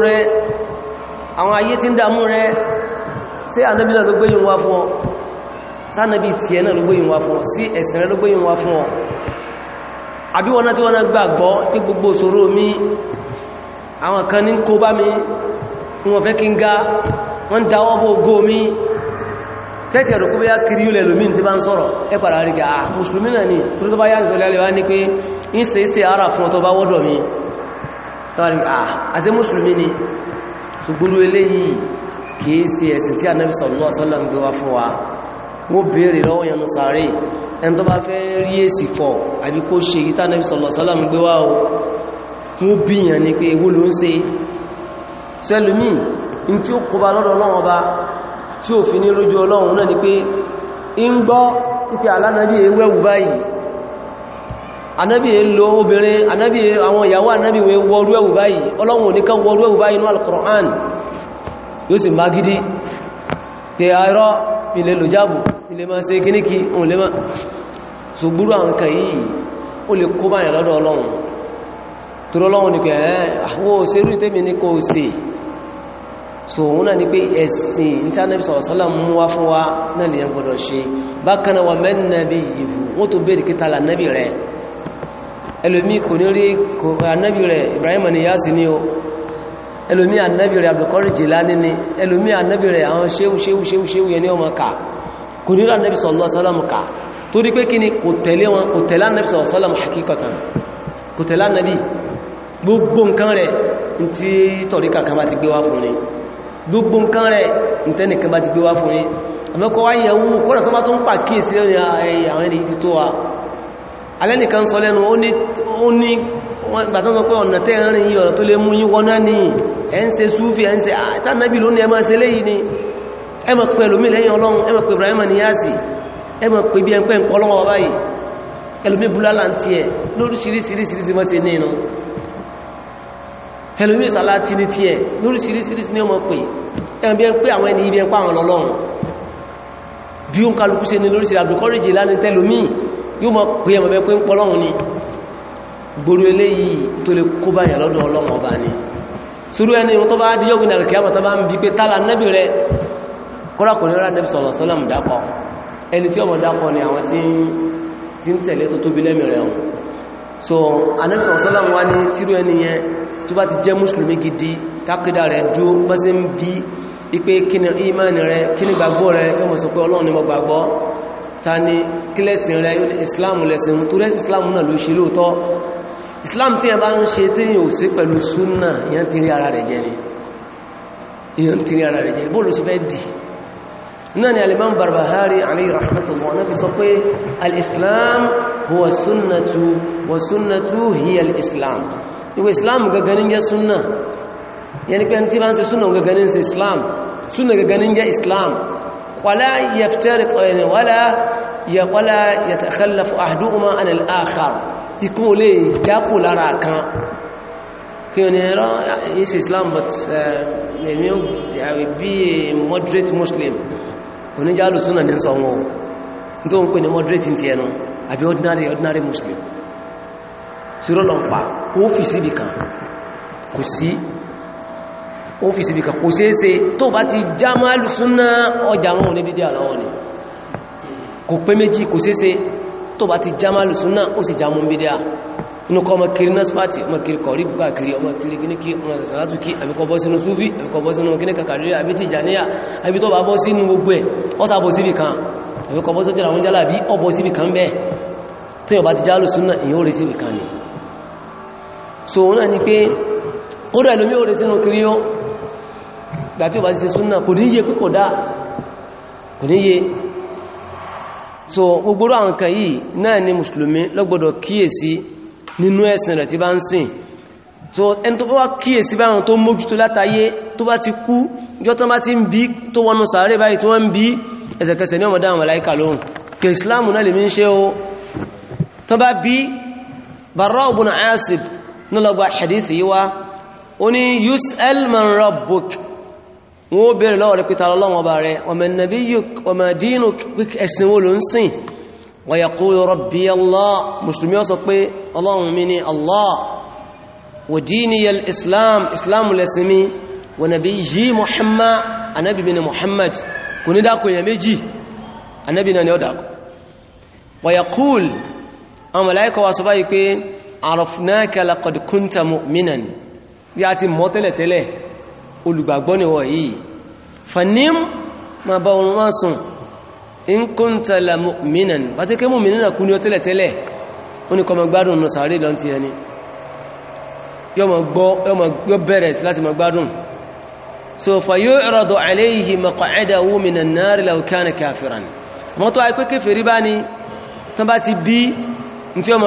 sánàbí tí ẹ̀nà ló gbóyìn wá fún ọ sí ẹ̀sìn rẹ̀ ló gbóyìn wá fún ọ àbí wọn náà tí wọ́n náà gbàgbọ́ ní gbogbo òṣòro mi àwọn kan ní kó bá mi wọ́n fẹ́ kí n ga wọ́n ń dáwọ́ bó ogó mi tẹ́tẹ̀ rò kúbẹ́ kiri ilẹ̀ lómi tí bá ń sọ̀rọ̀ ẹ padà rí ga mùsùlùmí náà ni tó tó bá yá nìkan lẹ́lẹ́wà ní pé ìsẹ̀ ìsẹ̀ ara fún ọtọ bá wọ́dọ̀ mi tọ́rí àti mùsùlùmí ni ṣùgbúrú wọ́n bèèrè lọ́wọ́ yẹnu sàárè ẹni tó bá fẹ́ rí èsì fọ́ àbí kó ṣe ìta nẹ́bí sọ̀lọ̀sọ́lọ̀ gbé wá o wọ́n bí yàn ní pé ewó ló ń ṣe sẹ́lùmí in tí ó kọba lọ́dọ̀ ọlọ́run ọba tí ò fi ní lójú ọlọ́run náà ni pé in gbọ́ pípẹ́ alánàbí ewéwu báyìí anábì èlò obìnrin anábì àwọn ìyàwó anábì wọ́rú ẹ̀wù báyìí ọlọ́run ò ní ká wọ́rú ẹ̀wù báyìí ní al-Qur'an yóò sì má ilé lò jáàbù ilé máa ṣe kíníkì òun lè máa so gbúrú àwọn kan yìí o lè kó báyìí lọ́dọ̀ ọlọ́run tó lọ́wọ́n ni pé àwọn òṣèrú ìtẹ́mi ní kò ṣe so òun náà ni pé ẹ̀sìn internet sọ̀rọ̀sọ́lá ẹlòmí ànábì rẹ̀ Abdulkadir Jilani ni ẹlòmí ànábì rẹ̀ àwọn ṣéwù ṣéwù ṣéwù ṣéwù yẹn ni ọmọ ká kò nílò ànábì sallallahu alaihi wasallam ká torí pé kí ni kò tẹ̀lé wọn kò tẹ̀lé ànábì sallallahu alaihi wasallam hakikatan kò tẹ̀lé ànábì gbogbo nǹkan rẹ̀ tí tọ̀ríkà kan bá ti gbé wá fún ni gbogbo nǹkan rẹ̀ ìtẹ́nìkan bá ti gbé wá wọ́n gbà tán sọ pé ọ̀nà tẹ́ rìn yí ọ̀nà tó lè mú yí wọ́ná ní ẹ̀ ń ṣe súfì ẹ̀ ń ṣe àtànàbì ló ní ẹmọ́ ṣe léyìí ni ẹmọ̀ pẹ̀ lómi lẹ́yìn ọlọ́run ẹmọ̀ pẹ̀ Ibrahim níyàsì ẹmọ̀ pẹ̀ bí ẹn pẹ́ ń pọ́lọ́wọ́ báyìí ẹlòmí búlálà ti ẹ̀ lóríṣiríṣiríṣi mọ́ sí ní inú ẹlòmí ìsàlá ti ní ti ẹ̀ lóríṣiríṣiríṣi ní ọmọ pé ẹmọ̀ bí ẹn pé àwọn ẹni ibi ẹn pa àwọn ọlọ́run bí ó ń kálukú ṣe ní lóríṣiríṣi àdùkọ́rìjì lánìí tẹlòmí yóò mọ̀ pé ẹmọ̀ bẹ́ pé ń pọ́lọ́run gbòrò eléyìí tó lè kó báyà lọ́dọ̀ ọlọ́wọ́ ọba ni sùúrù ẹni tó bá díjọ́ gbìnà rẹ̀ kíyàmọ̀ tó bá ń bí pé tààlà nẹ́bì rẹ̀ kọ́rakùnrin ni àwọn tí ń tẹ̀lé so anẹ́bì sọ̀rọ̀ sọ́lọ̀ wá ní tírú ẹni yẹn tó bá ti jẹ́ mùsùlùmí gidi tákídà rẹ̀ dúró bá sí ń bí ipé kíni ìmáni rẹ̀ kíni gbàgbọ́ rẹ̀ yóò mọ̀ sọ pé ọlọ́run ni mo ta ni kílẹ̀sìn rẹ̀ islam lẹ̀sìn tó rẹ́sì islam náà ló ṣe lóòótọ́ islam tí yẹn bá ń ṣe tí yíò sí pẹ̀lú súnà ìyàn tí rí ara rẹ̀ jẹ ni ìyàn tí rí ara rẹ̀ jẹ bóòlù sí fẹ́ dì náà ni alimam barbahari alayhi rahmatullah náà sọ pé yẹ̀kọ́lá yẹ̀tẹ̀kẹ́lẹ̀fù àdúgbùmọ́ anìláàkàrù ikú olè jápò lára kan kí o ní ẹ̀rọ is Islam but mẹ́mí o bí i moderate Muslim oníjálù súnà ní sọ tó ń pè ní moderate ti ẹnu àbí ordinary ordinary Muslim ṣírọ́ lọ pa ọ́fíìsì bì kan kò sí ọ́fíìsì bì kan kò ṣeéṣe tó bá ti já kò pé méjì kò sése tó bá ti jámàlù súnà ó sì jámù bídíà inú kọ ọmọ kiri náà spáti ọmọ kiri kọ̀rí bùkà kiri ọmọ kiri gíníkí ọmọ ìsànlátù kí àbíkọ bọ́ sínú súfí àbíkọ bọ́ sínú gíníkà kàrí àbí ti jàníyà àbí tó bá bọ́ sínú gbogbo ẹ̀ ọ́sà bọ́ síbì kan àbíkọ bọ́ sókè àwọn kò níye so gbogbo àwọn nǹkan yìí náà ni mùsùlùmí lọ́gbọ́dọ̀ kíyèsí nínú ẹ̀sìn rẹ̀ tí bá ń sìn so ẹni tó bá kíyèsí báwọn tó mójútó látayé tó bá ti kú yọ́ tán bá ti ń bí tó wọnú sàárè báyìí tí wọ́n ń bí ẹsẹ̀kẹsẹ̀ ní ọmọdá àwọn aláìkà lóhun kí islamu náà lè mi ń ṣe o tó bá bí Barra ibn Asib nílọgbà hadith yíwá ó ní wọ́n ó bèèrè lọ́wọ́ rẹ̀ pé tààrà lọ́wọ́ ọba rẹ̀ ọmọ nàbí ọmọ dínú ẹ̀sìn wo ló ń sìn wa yaqulu rabbi Allah mùsùlùmí ó sọ pé ọlọ́run mi ni Allah wa dini yal islam islam lẹ́sìn ni Muhammad olùgbàgbọ́ ni wọ́n yìí fanim ma bá oorun wá sùn in kunta la mu'minan bá tí kí mu'minan kú ní ó tẹ́lẹ̀ tẹ́lẹ̀ ó ní kọmọ gbádùn nù sàárè lọ́n ti ẹni yọ bẹ̀rẹ̀ láti mọ gbádùn so fa yu'radu alayhi maq'adahu minan nar law kana kafiran àmọ́ tó àìpé kéfèrí bá ní tán bá ti bí ní tí ọmọ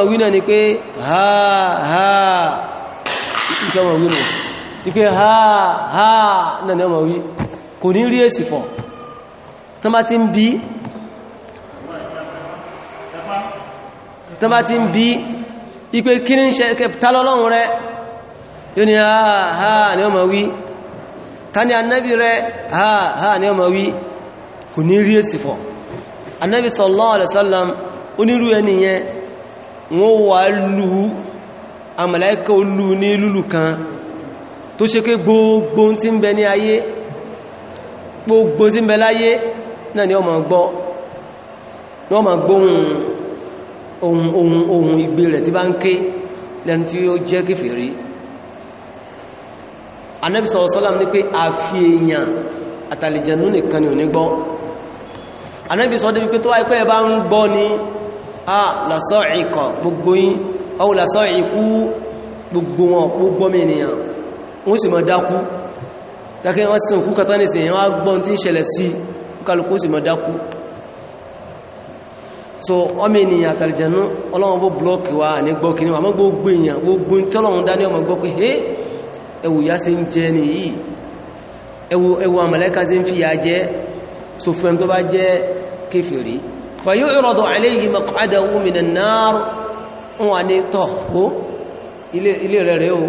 náà ike ha ha náà ni ọmọ wí kò ní rí èsì fọ́ tó bá ti ń bí tán bá ti ń bí ipé kí ní ṣe tálọ́lọ́run rẹ yóò ni ha ha ni ọmọ wí ta ni annabi rẹ ha ha ni ọmọ wí kò ní rí èsì fọ́ annabi sallallahu alaihi wasallam onírú ẹni yẹn wọ́n wà lù àmàlẹ́kẹ́ olú ní lúlù kan tó ṣe pé gbogbo tí ń bẹ ní ayé gbogbo tí ń bẹ láyé náà ni ọmọ gbọ́ ní ọmọ gbóhun ohun ohun ohun igbe rẹ̀ tí bá ń ké lẹ́nu tí ó jẹ́ kèfèrí Ànábì sọ́lọ́m ní pé àfi èèyàn àtàlìjẹ̀nú nìkan ni ò ní gbọ́ Ànábì sọ́dé wípé tó wáyé pé bá ń gbọ́ ni a lásọ́ ìkọ̀ gbogbo yín ọwọ́ lásọ́ ìkú gbogbo wọn gbogbo mìíràn wọ́n sì máa dákú dákẹ́ wọ́n sì kú kàtà ní ìsìnyàn wọ́n gbọ́n tí ń ṣẹlẹ̀ sí kálukú sì máa dákú so ọmọ ènìyàn àtàlìjànú ọlọ́wọ́n bó blọ́ọ̀kì wá ní gbọ́kìní wà gbogbo gbogbo ya je ewu fi ya je so ilé rẹ̀ rẹ̀ o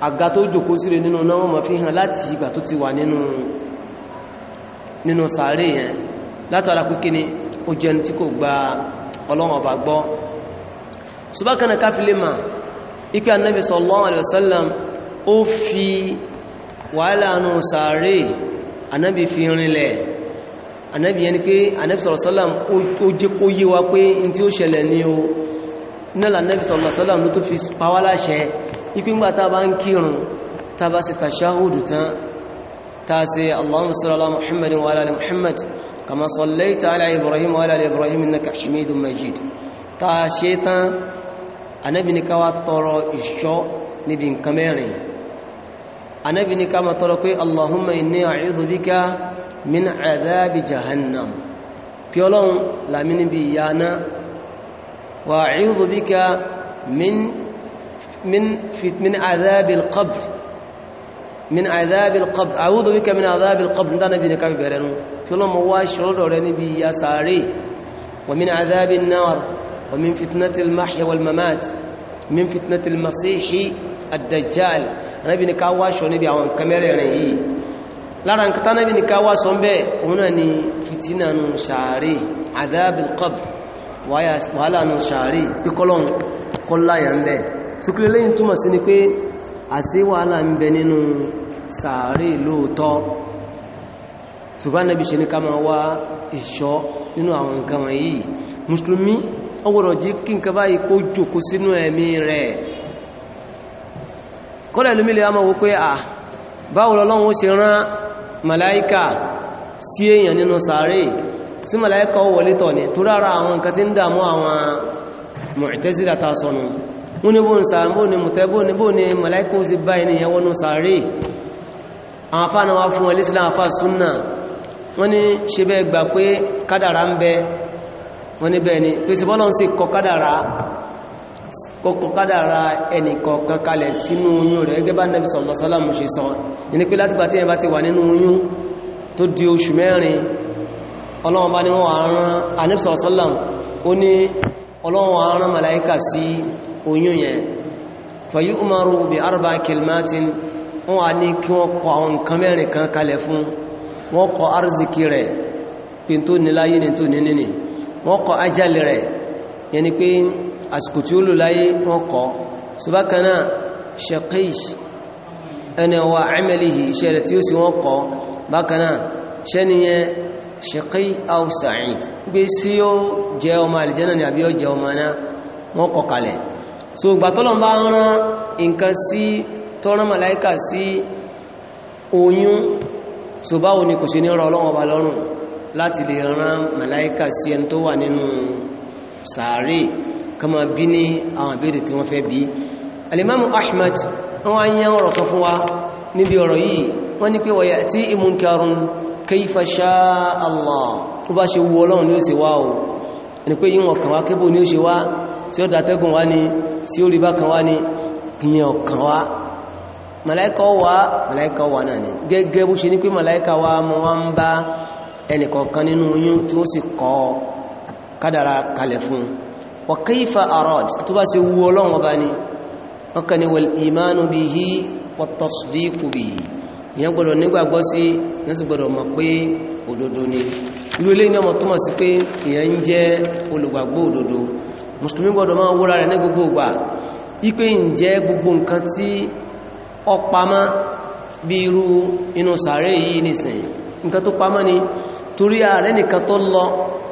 àga tó jòkó síre nínú náà wọ́n ma fi hàn láti ìgbà tó ti wà nínú sàárè yẹn látara pínkí ni ó jẹni tí kò gba ọlọ́run gbọ́ ṣùgbọ́n káfílé ma ikẹ́ annabi sallallahu alaihi wasallam fi wàhálà nù sàárè annabi fi rinlẹ̀ annabi yẹn ni pé annabi sallallahu alaihi wasallam ó jẹ́ kó yé wa pé in tí ló tó fi pawá ìpíngbà tá bá ń kírun tá bá sì tàṣáhùdù tán tá sí allahumma salli ala muhammad wa ala muhammad kama sallaita ala ibrahim wa ala ibrahim innaka hamidun majid tá ṣe tán anábi ní ká wá tọrọ ìṣọ́ níbi nǹkan mẹ́rin anábi ní ká ma tọrọ pé allahumma inni a'udhu bika min adhabi jahannam kí ọlọ́run làmí níbi ìyá náà wa a'udhu bika min من في من عذاب القبر من عذاب القبر اعوذ بك من عذاب القبر ده نبي نكاب بيرنو فلم واش رودوري ني بي يا ساري ومن عذاب النار ومن فتنه المحيا والممات من فتنه المسيح الدجال نبي نكاب واشو نبي او اون كاميرا ني lára nǹkan tánà bí ní ká wá sọ bẹ́ẹ̀ òun náà ni fìtínà nù sàárè àdábìlkọ́bù wáyà wàhálà nù sàárè píkọ́lọ́n kọ́láyà ń sùkúlẹ̀ lẹ́yìn túmọ̀ sí ni pé àṣí wàhálà ń bẹ nínú sàárè lóòtọ́ ṣùgbọ́n ṣe ní ká máa wá ìṣọ́ nínú àwọn nǹkan wọ̀nyí mùsùlùmí ó jí kí nǹkan báyìí kó jòkó sínú ẹ̀mí rẹ̀ kọ́lẹ̀ lómi lè máa wo à báwo lọ́lọ́run ṣe rán màláíkà sí èèyàn nínú sàárè sí màláíkà wọ́n ní bóun sàárè bóun ní mùtẹ́ bóun ní bóun ní màláíkà ó sì bá ènìyàn wọnú sàárè àwọn afá náà wá fún wọn lẹ́sílẹ̀ àwọn afá súnà wọ́n ní ṣe bẹ́ẹ̀ gbà pé kádàrá ń bẹ wọ́n ní bẹ́ẹ̀ ni tó sì bọ́lọ́n sì kọ kádàrá kọkọ kádàrá ẹnìkọ̀ọ̀kan kalẹ̀ sínú oyún rẹ̀ gẹ́gẹ́ bá nẹ́bí sọ̀lọ̀ oyún yẹn fàyí umaru bí arba kilmatin wọ́n wà ní kí wọ́n kọ àwọn nǹkan mẹ́rin kan kalẹ̀ fún wọ́n kọ arziki rẹ̀ pé tó ní láyé ní tó ní nínú wọ́n kọ ajali rẹ̀ yẹn ni pé àsìkò tí ó lò láyé wọ́n kọ subakana shaqish ẹni wa amalihi iṣẹ́ rẹ̀ tí ó sì wọ́n kọ bákanáà ṣẹ́niyẹn ṣẹ̀kí aw sa'id gbé sí ó jẹ́ ọmọ àlìjẹ́nà ni àbí ó jẹ́ ọmọ náà wọ́n kọ kalẹ̀ so gbàtọ́lọ̀n bá rán nǹkan sí tọ́rán màláíkà sí oyún so báwo ni kò ṣe ní rọ ọlọ́wọ́ bá lọ́rùn láti lè rán màláíkà sí ẹni tó wà nínú sàárè kama bí ní àwọn ìbéèrè tí wọ́n fẹ́ bí alimamu Ahmed wọ́n yẹ ọ̀rọ̀ kan fún wa níbi ọ̀rọ̀ yìí wọ́n ní pé wa ya'ti munkarun kayfa sha'a Allah tó bá ṣe wù ọlọ́run ní ó ṣe wá o ẹni pé yíwọ̀n kàwá ní ó ṣe wá sí ó dátẹ́gùn wá ní sí ó rí bákan wá ní kìyàn ọ̀kan wá màláíkà wá màláíkà wá náà ni gẹ́gẹ́ bó ṣe ní pé màláíkà wá mọ́ wá ń bá ẹnìkọ̀ọ̀kan nínú yín tí ó sì kọ́ kádàrá kalẹ̀ fún wa kayfa arad tó bá ṣe wù ọlọ́run bihi wa tasdiqu bihi ìyẹn gbọ́dọ̀ nígbàgbọ́ sí ìyẹn sì gbọ́dọ̀ mọ̀ ni irú eléyìí náà mọ̀ túmọ̀ sí pé ìyẹn ń jẹ́ olùgbàgbọ́ òdodo mùsùlùmí gbọdọ̀ máa wúra rẹ̀ ní gbogbo ìgbà ipé ǹjẹ́ gbogbo nǹkan tí ọ pamọ́ bí irú inú sàárè yìí nìsìn nǹkan tó ni torí ààrẹ nìkan tó lọ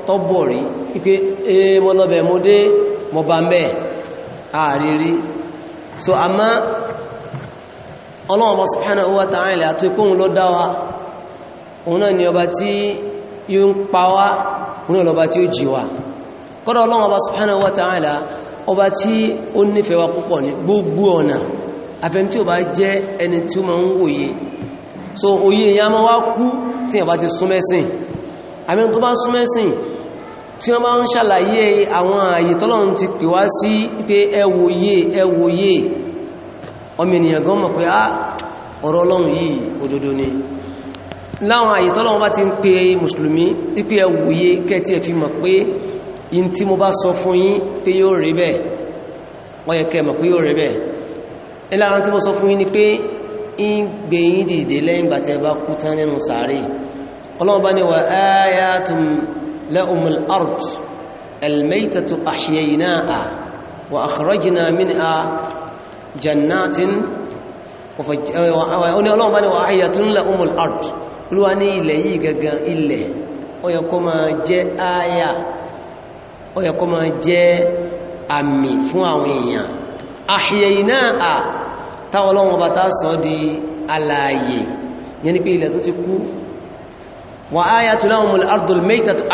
tó bọ̀ rí ipé ee mọ́ lọ́bẹ̀ dé mọ́ bá so a Allahu subhanahu kọ́dọ̀ ọlọ́run ọba subhanahu wa ta'ala ọba tí ó nífẹ̀ẹ́ wa púpọ̀ ní gbogbo ọ̀nà afẹ́ni tí ó bá jẹ́ ẹni tí ó ma ń wòye so òye ìyá ma wá kú tí ìyàbá ti súnmẹ́sìn àmẹ́ni tó bá súnmẹ́sìn tí wọ́n bá ń ṣàlàyé àwọn àyè tọ́lọ́run ti pè wá sí pé ẹwòye ẹwòye ọmọ ènìyàn gan mọ̀ pé á ọ̀rọ̀ ọlọ́run yìí òdodo ni láwọn àyè tọ́lọ́run bá ti ń pe mùsùlùmí pípé ẹwòye kẹ́ tí ẹ fi mọ̀ pé in tí mo bá sọ fún yín pé yóò rí bẹ́ẹ̀ wọ́n yẹ kẹ́ mọ̀ pé yóò rí bẹ́ẹ̀ ìlànà tí mo sọ fún yín ni pé ń gbé yín dìde lẹ́yìn bàtẹ́ bá kú tán nínú sàárè ọlọ́run bá ní wa ayatum lahumul ard almaytatu ahyaynaha wa akhrajna minha jannatin ọ̀fọ̀jẹ́ ọlọ́run bá ní wa ayatum lahumul ard olúwa ní ilẹ̀ yìí gangan ilẹ̀ ó máa jẹ́ aya ó yẹ kó máa jẹ́ àmì fún àwọn èèyàn àhìyàyìnà à táwọn ọlọ́wọ́n bá tá sọ di alààyè yẹn ni pé ilẹ̀ tó ti kú wà áyàtù lahumul ardul maytatu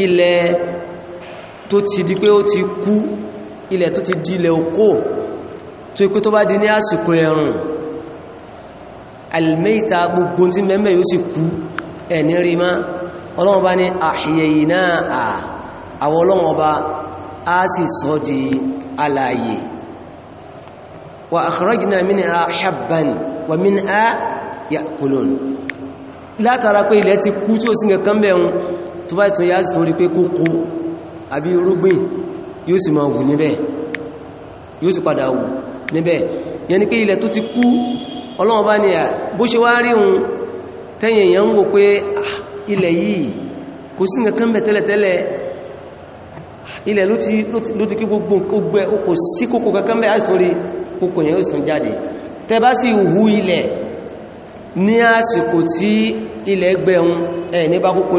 ilẹ̀ tó ti di ilẹ̀ tó tó ikú tó bá di ní àsìkò ẹ̀rùn almeita gbogbo tí mẹ́mẹ́ yóò sì kú ẹni rí má ọlọ́wọ́n bá ní àhìyẹ̀yì náà à àwọn ọlọ́wọ́n bá a sì sọ di alààyè wa akhrajna minha habban wa minha ya'kulun látara pé ilẹ̀ ti kú tí ó sì nǹkan bẹ̀rún tó bá ìtún ọlọ́run bá ní à bó ṣe wá rí un tẹ́yìn èèyàn ń wò pé ah, ilẹ̀ yìí kò sí nǹkan bẹ̀ tẹ́lẹ̀tẹ́lẹ̀ ilẹ̀ ló ti kí gbogbo gbẹ kò sí kókò kankan bẹ̀ àṣírí kókò yẹn ó sùn jáde tẹ́ bá sì hu ilẹ̀ ní àsìkò tí ilẹ̀ gbẹ̀un ẹ̀ ní bá kókò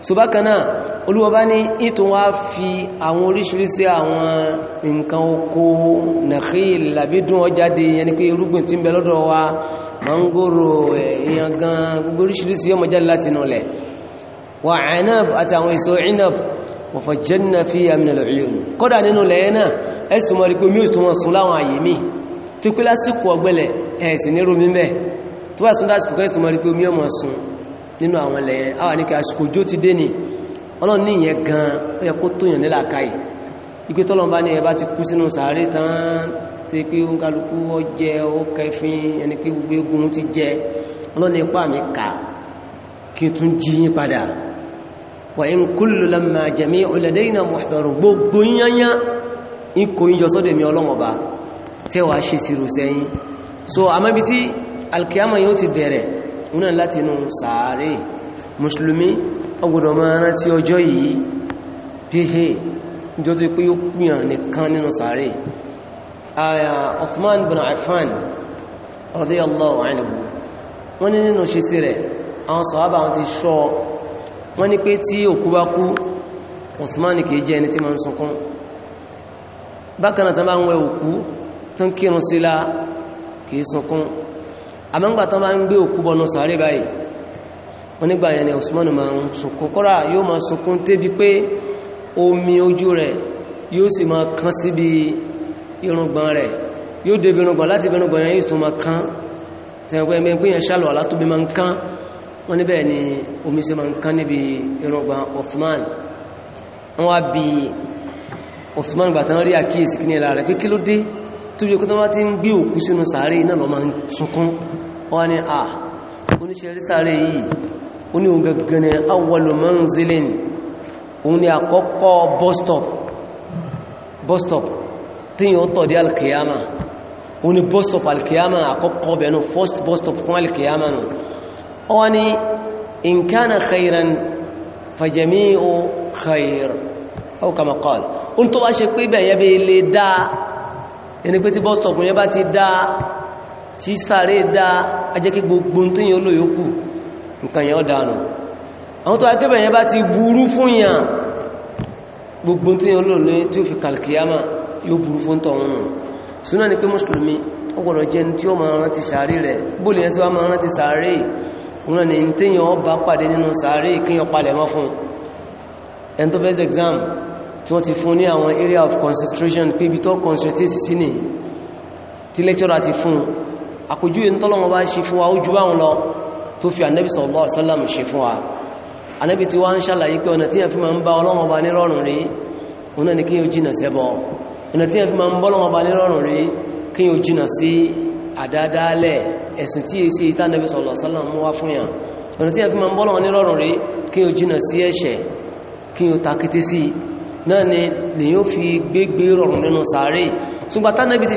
so bákanáà Olúwa bá ní ìtò wá fi àwọn oríṣiríṣi àwọn nǹkan oko nàkíl làbídùn ọjáde yẹni pé irúgbìn tí ń bẹ lọ́dọ̀ wa mangoro èèyàn gan gbogbo oríṣiríṣi yọmọ jáde láti inú wà inab àti àwọn èso inab wa fajjanna fiha min al-uyun kọ́dà nínú lẹ̀ náà ẹ̀sùn mọ́ rí pé omi òsùn wọn sùn láwọn àyè mi tó pé lásìkò ọgbẹ́lẹ̀ ẹ̀sìn ní rómi mẹ́ tó bá sùn lásìkò kẹ́sùn mọ́ rí nínú àwọn ilẹ̀ yẹn àwọn àníkà àsìkò jó ti dé ní ọlọ́run ní ìyẹn gan ó yẹ kó tóyàn nílà káì ipé tọ́lọ́run bá ní ẹ bá ti kú sínú sàárè tán tí pé ó ń kálukú ọjẹ́ ó kẹfín ẹni pé gbogbo egun ti jẹ so àmọ́bi tí alkiyama yóò náà láti inú sàárè mùsùlùmí ọgbọ̀dọ̀ máa rántí ọjọ́ yìí bí he jọ tó pé ó pìyàn nìkan nínú sàárè àyà Uthman bin Affan radiyallahu anhu wọ́n ní nínú ṣe sí rẹ̀ àwọn sàhábà wọn ti ṣọ́ wọ́n ní pé tí òkú bá kú Uthman kìí jẹ́ ẹni tí ma ń sunkún bákanáà tán bá ń wẹ òkú tán kírun sílá kìí sunkún àmọ́ngbà tán bá ń gbé òkú bọnu sàárè báyìí wọ́n nígbà yẹn ni Usman ma ń sunkún kọ́rà yóò ma sunkún tébí pé omi ojú rẹ̀ yóò sì ma kán síbi irùngbọ̀n rẹ̀ yóò débi irùngbọ̀n láti irùngbọ̀n yẹn yóò sì ma kán tẹ̀wẹ́ pé yẹn ṣàlọ̀ ni omi sì ma ń kán níbi irùngbọ̀n bi Usman gbà tán rí àkíyèsí kí ní ẹ̀lá rẹ̀ pé kí ló dé tó yẹ kó ti ń gbé òkú sínú sàárè náà lọ ma ń sunkún wọ́n ni à oníṣẹ́ ah, rísàárẹ̀ yìí ó ní ohun gẹ́gẹ́ ni awwalu manzilin òun ni àkọ́kọ́ bọ́stọ̀p bọ́stọ̀p tíyàn ó tọ̀ dé alkiyama òun ni bọ́stọ̀p alkiyama àkọ́kọ́ bẹ̀nu first bọ́stọ̀p fún alkiyama nù wọ́n ni in kana khairan fajami'u khair aw kama qala ó ní tó bá ṣe pé bẹ̀yẹ bí ilé dáa ẹni pé tí bọ́stọ̀p yẹn bá ti dáa tí sáré dáa ajẹ́ kí gbogbo tí yẹn olóyò kù nǹkan yẹn ọ̀dánù àwọn tó akẹ́bẹ̀ yẹn bá ti burú fún yàn gbogbo tí yẹn olóyò tí ó fi kàlkìyàmà yóò burú fún tọ̀hún súnà ni pé mùsùlùmí ó gbọ́dọ̀ jẹ́ tí ó máa rántí sàárè rẹ̀ bóòlù yẹn tí wá máa rántí sàárè òun exam tí wọ́n ti fún area of concentration pé ibi tó concentrate sí ti fún àkójúwe tọ́lọ́wọ́ bá ṣe fún wa ó ju báwọn lọ tó fi ànábì sallallahu alaihi ṣe fún wa ànábì tí wá ń ṣàlàyé pé ọ̀nà tí yẹn fi ma ń bá ọlọ́wọ́ bá ní rọrùn rí ọ̀nà ni kí yóò jìnà sẹ́bọ̀ ọ̀nà tí yẹn fi ma ń bọ́lọ́wọ́ bá ní rọrùn rí kí yóò jìnà sí àdádálẹ̀ ẹ̀sìn tí èsì ìta ànábì sallallahu alaihi wasallam mú wá fún yàn ni lèyàn fi gbégbé rọrùn nínú sàárè tùgbàtà ànábì ti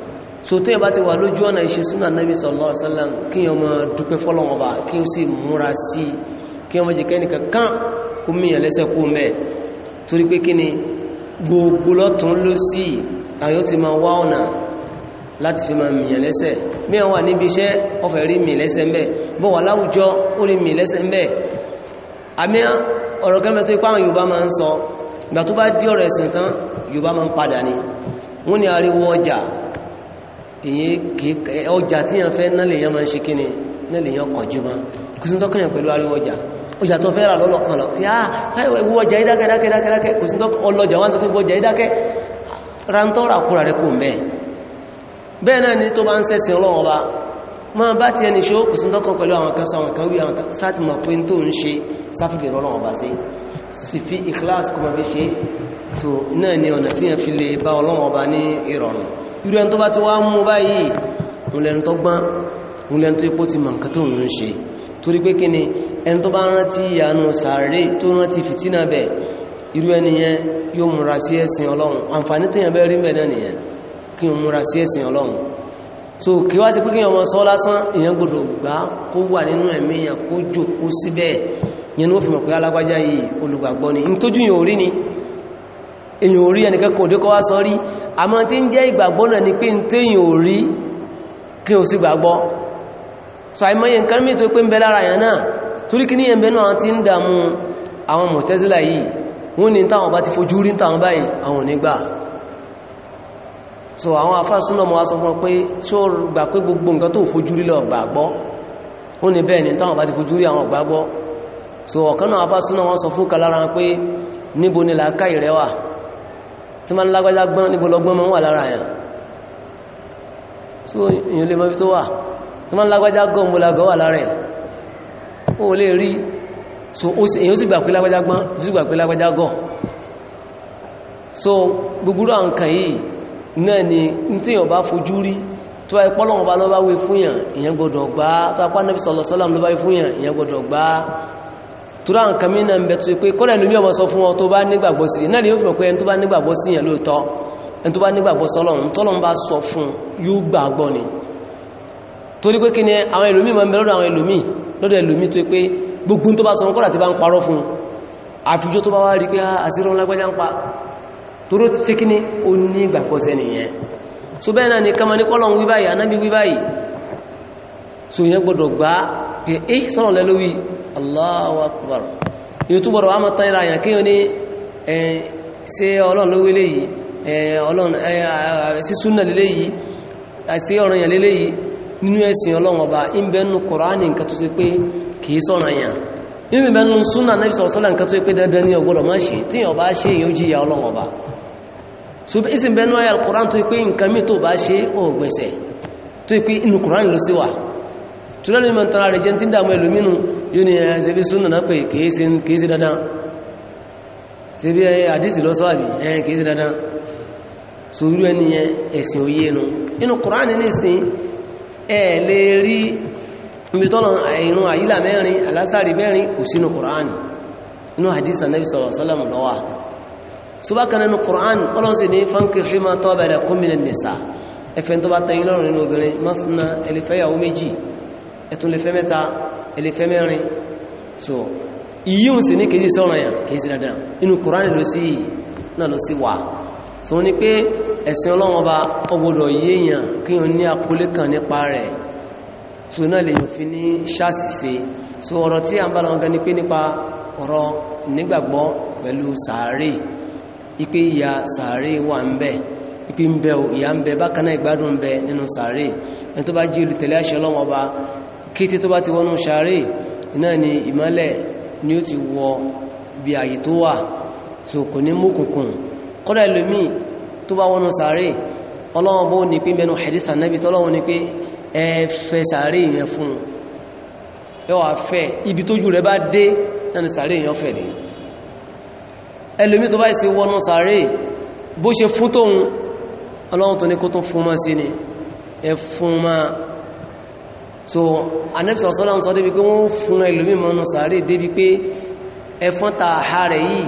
so tó yẹba ti wà lójú ọ̀nà ìṣe súnà nàbí sallallahu alaihi wasallam kí yẹn ọmọ dúpẹ́ fọ́lọ́wọ́n bá kí ó sì múra sí kí ọmọ jẹ́ kẹ́nìkan kán kó míyàn lẹ́sẹ̀ kó mẹ́ torí pé kí ni gbogbo lọ́tún ló sí àyọ́ ti máa wá ọ̀nà láti fi máa mìyàn lẹ́sẹ̀ míyàn wà níbi iṣẹ́ ọfẹ́ rí mi lẹ́sẹ̀ mbẹ́ bọ́ ni ariwo ọjà ọjà tí yàn fẹ́ náà lèyàn máa ń ṣe kí ni náà lèyàn kọjú ma kò sí tọ́kànyàn pẹ̀lú ariwo ọjà ọjà tó fẹ́ rà lọ́lọ́kan lọ kí á ah, ẹwú ọjà ìdákẹ́dákẹ́dákẹ́ kò sí tọ́kàn ọlọ́jà wọ́n sọ pé ọjà ìdákẹ́ rántọ́rà kúrà rẹ̀ kò mẹ́ bẹ́ẹ̀ náà ni tó bá ń sẹ́sìn ọlọ́run ọba máa so náà ni ọ̀nà tí yẹn fi lè bá irú ẹni tó bá ti wá mú báyìí ìrìnlẹ́ni tó gbọ́n ìrìnlẹ́ni tó ipò ti mọ̀ nǹkan tó ń ṣe torí pé kí ni ẹni tó bá rántí ìyanu sàárè tó rántí fìtínà bẹ̀ irú ẹni yẹn yóò múra sí ẹ̀sìn ọlọ́run àǹfààní tèèyàn bẹ́ẹ̀ rí bẹ̀ náà nìyẹn kí o múra sí ẹ̀sìn ọlọ́run so kí wá sí pé kí ọmọ sọ lásán ìyẹn gbọdọ̀ gbá kó wà nínú ẹ̀mí ni ó ni èyàn orí ẹnìkan kò dé kọ́ wá sọ rí àmọ́ tí ń jẹ́ ìgbàgbọ́ náà ni pé ń téèyàn orí kí o sì gbàgbọ́ so àìmọye nǹkan mí tó pé ń bẹ lára àyàn náà torí kí ní ẹ̀mẹ́ náà ti ń dàmú àwọn mọ̀tẹ́sílà yìí so àwọn afásúnà mọ́ wá sọ fún pé ṣó gbà pé gbogbo nǹkan tó fojú rí lọ gbàgbọ́ wọ́n ní bẹ́ẹ̀ so ọ̀kan náà afásúnà wọ́n sọ fún kalára pé níbo ni làákàyè rẹ̀ wà tí ma ń lágbájá gbọ́n níbo lọ́gbọ́n ma ń wà lára yẹn tí èyàn lè mọ́bí tó wà tí ma ń lágbájá gbọ́n mo lágbọ́ wà lára yẹn ó lè rí so èyàn sì gbà pé lágbájá gbọ́n sì gbà pé lágbájá gọ̀ so gbogbo àǹkà yìí náà ni n tí èyàn bá fojú rí tó wáyé pọ́lọ́wọ́n bá lọ́ bá wé fún yàn èyàn tura nǹkan mìíràn ń bẹ tó pé kọ́lẹ̀ lómi ọmọ sọ fún ọ tó bá nígbàgbọ́ sí náà ni yóò fi mọ̀ pé ẹni tó bá nígbàgbọ́ sí yẹn lóòótọ́ ẹni tó bá nígbàgbọ́ sọlọ́run tọ́lọ́run bá sọ fún yóò gbàgbọ́ ni torí pé kí ni àwọn ẹlòmíì máa ń bẹ lọ́dọ̀ àwọn ah, ni ó ní ìgbàgbọ́ sẹ́ni yẹn so bẹ́ẹ̀ náà ni kama ní Allahu akbar youtuber wa mọ̀ tán ìrà àyàn kíyàn ní ṣe ọlọ́run ló wí léyìí ọlọ́run sí súnà lélé yìí àti a èèyàn lélé yìí nínú ẹ̀sìn ọlọ́run ọba ìbẹ̀nu kọ̀ránì nǹkan tó ṣe pé kìí sọ̀rọ̀ èèyàn nínú ìbẹ̀nu súnà náà sọ̀rọ̀ sọ́lá nǹkan tó ṣe pé ba so ìsìn bẹ̀nu ayà kọ̀rán yóò ní ẹ̀ eh, ṣe bí súnà náà pé kìí sí dandan eh, eh, ṣe bí àdísì lọ́sọ́ àbí ẹ̀ kìí sí dandan sòrú ẹni yẹn ẹ̀sìn òye nu inú kùránì nìsín ẹ̀ lè rí ibi tọ́nà ìrún àyílà mẹ́rin alásàrí mẹ́rin kò sínú kùránì inú sallallahu alaihi wasallam lọ́wà subakana nu qur'an olon se ni fanki hima tabara kum nisa efen tó bá tayin lọ́rùn nínú obìnrin masna elife ya omeji etun lè fẹ́ mẹ́ta ẹlẹ́fẹ́ mẹ́rin so yíò sì ní kìí sọ́rọ̀ yà kìí sí dandan inú kùránì ló sí náà ló sí wà so ní pé ẹ̀sìn ọlọ́run ọba ọgbọ́dọ̀ yíyàn kí o ní akólé kan nípa rẹ̀ so náà lè yàn fi ní ṣáṣìṣe so ọ̀rọ̀ tí a ń bá lọ́wọ́ gan ni pé nípa ọ̀rọ̀ nígbàgbọ́ pẹ̀lú sàárè ipe ìyà sàárè wà ń bẹ ipe ń bẹ ìyà ń bẹ bákan ìgbádùn ń bẹ nínú sàárè ẹni tó bá jí olùtẹ̀lé àṣẹ ọlọ́run ọba kété tó bá ti wọnú sàárè náà ni ìmọ́lẹ̀ ni ó ti wọ bí àyè tó wà so kò ní mókùnkùn kọ́dà ẹlòmíì tó bá wọnú sàárè ọlọ́wọ́n bó ní pé mẹ́nu hadithan nabi tọ́lọ́wọ́n ní pé ẹ fẹ́ sàárè yẹn fún ẹwà fẹ́ ibi tójú rẹ bá dé náà ni sàárè yẹn fẹ́ dé ẹlòmíì ni ẹ fún máa so anẹ́bìsọ̀ sọ́lá ń sọ débi pé wọ́n fún ẹlòmí mọ́nà sàárè débi pé ẹfọ́n ta ha rẹ̀ yìí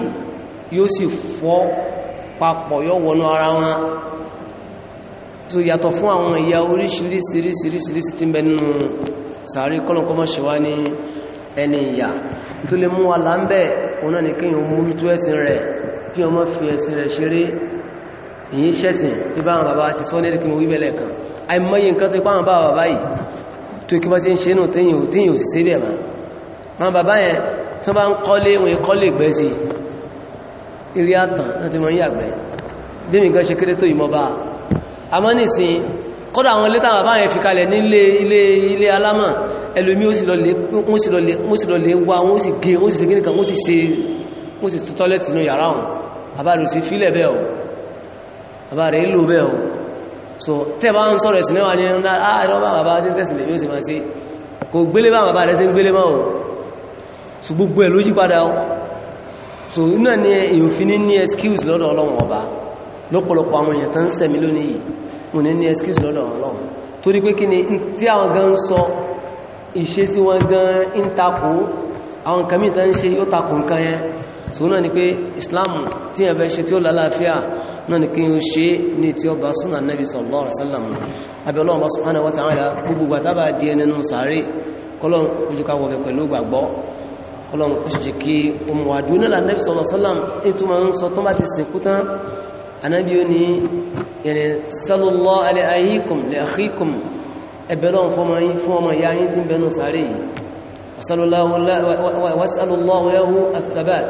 yóò sì fọ́ papọ̀ yóò wọnú ara wọn so yàtọ̀ fún àwọn ìyà oríṣiríṣiríṣiríṣi tí ń bẹ nínú sàárè kọ́lọ̀kọ́mọ́ ṣe wá ní ẹni ìyà tó lè mú wa láńbẹ̀ òun ni kí yíò mójútó ẹ̀sìn rẹ̀ kí ọmọ fi ẹ̀sìn rẹ̀ ṣeré tó kí bá ti ń ṣe nù tíyìn ò tíyìn ò sì síbẹ̀ ma wọn bàbá yẹn tó bá ń kọ́lé wọn kọ́lé ìgbẹ́ sí irí àtàn láti mọ̀ yàgbẹ́ bí mi gan ṣe kéré tó ìmọ̀ bá àmọ́ nìsín kọ́dọ̀ àwọn ilé táwọn bàbá yẹn fi kalẹ̀ nílé ilé ilé ẹlòmí ó sì lọ wá wọ́n sì gé wọ́n sì ṣe kíníkan wọ́n sì ṣe so tẹ́ bá ń sọ̀rọ̀ ẹ̀sìn mẹ́wàá ní ẹ̀rọ àìrọ́ ah, bá bàbá tí ń sẹ́sìn lè yóò sì máa sí kò gbélé bá bàbá rẹ̀ sí ń gbélé máa ò so gbogbo ẹ̀ ló yí padà ó so iná ni èyàn fi ní ní excuse lọ́dọ̀ ọlọ́run ọba lọ́pọ̀lọpọ̀ àwọn èèyàn tó ń sẹ̀mí lónìí mo ní excuse lọ́dọ̀ ọlọ́run torí pé kí ni tí àwọn gan ń sọ ìṣesí wọn gan ń takò àwọn so náà ni Islam tí yẹn fẹ́ ṣe náà ni kí n ṣe ní tí ọba súnà nẹ́bí sallallahu alaihi wasallam abẹ́lọ́ ọba subhanahu wa ta'ala gbogbo gbàtàbà di ẹnìnú sàárè kọlọ́n ojúká wọ̀bẹ̀ pẹ̀lú gbàgbọ́ kọlọ́n kó ṣe kí ọmọ àdúró náà nẹ́bí sallallahu alaihi wasallam ètò máa ń sọ tó bá ti sìnkú anábí ó ní yẹni sallallahu alaihi ahikum li akhikum ẹbẹ̀lọ́ fọmọ yín fún ọmọ ìyá yín tí ń bẹnu sàárè yìí wasallallahu lahu athabat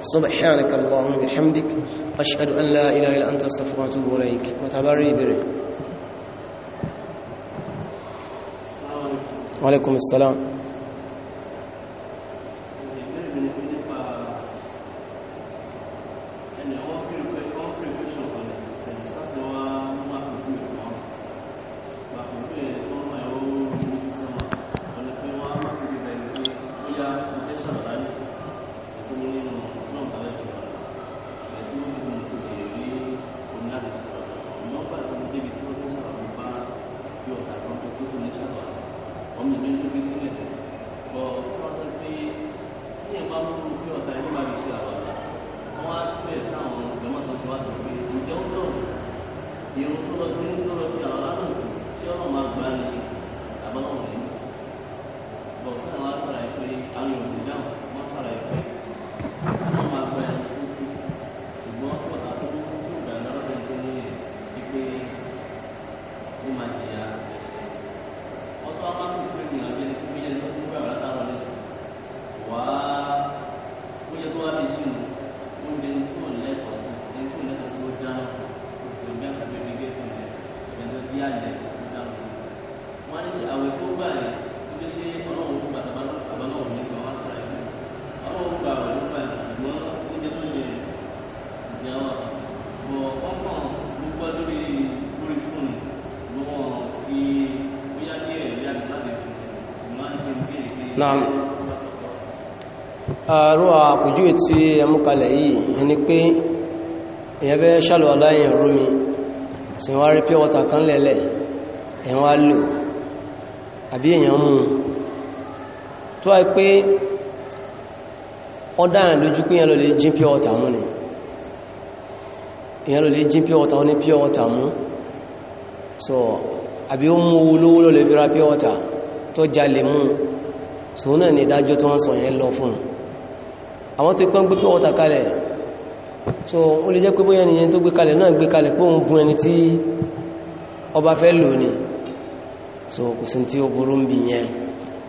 سبحانك اللهم وبحمدك أشهد أن لا إله إلا أنت أستغفرك وأتوب إليك وتبري بري وعليكم السلام ṣe àrò àpòjúwe tí ẹmúkalẹ̀ yìí ẹni pé èyàn bẹ́ ṣàlù aláyìn rómi tí wọ́n rí pure water kan lẹ́lẹ̀ ẹ̀wọ́n á lò àbí èyàn mú tó wáyé pé wọ́n dáyàn lójú pé èyàn lọ lè jí pure mú ní pure mú so àbí ó mú owó lówó lọ lè fi ra pure water tó mú so náà ni ìdájọ́ tó wọ́n sọ yẹn lọ fún un àwọn tó kán gbé pé wọ́n takalẹ̀ so ó lè jẹ́ pé bóyá nìyẹn tó gbé kalẹ̀ náà gbé kalẹ̀ pé òun bún ẹni tí ọba fẹ́ lò ní so kò sí tí ó burú ń bì yẹn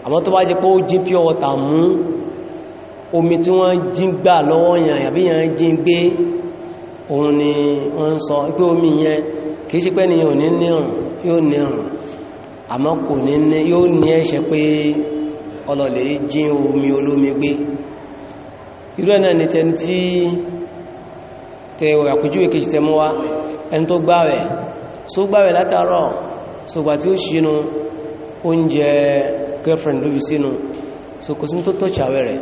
àmọ́ tó bá jẹ́ pé ó jí pure water mú omi tí wọ́n jí gbà lọ́wọ́ yàn àbí yàn jí gbé òun irú ẹ̀nà ni tẹni tí tẹwẹ̀ àpèjúwe kejì tẹmú wá ẹni tó gbáwẹ̀ só gbáwẹ̀ látàárọ̀ sọgbà tí ó ṣínú oúnjẹ girlfriend lóbi sínú so kò sí tó tó ṣàwẹ̀ rẹ̀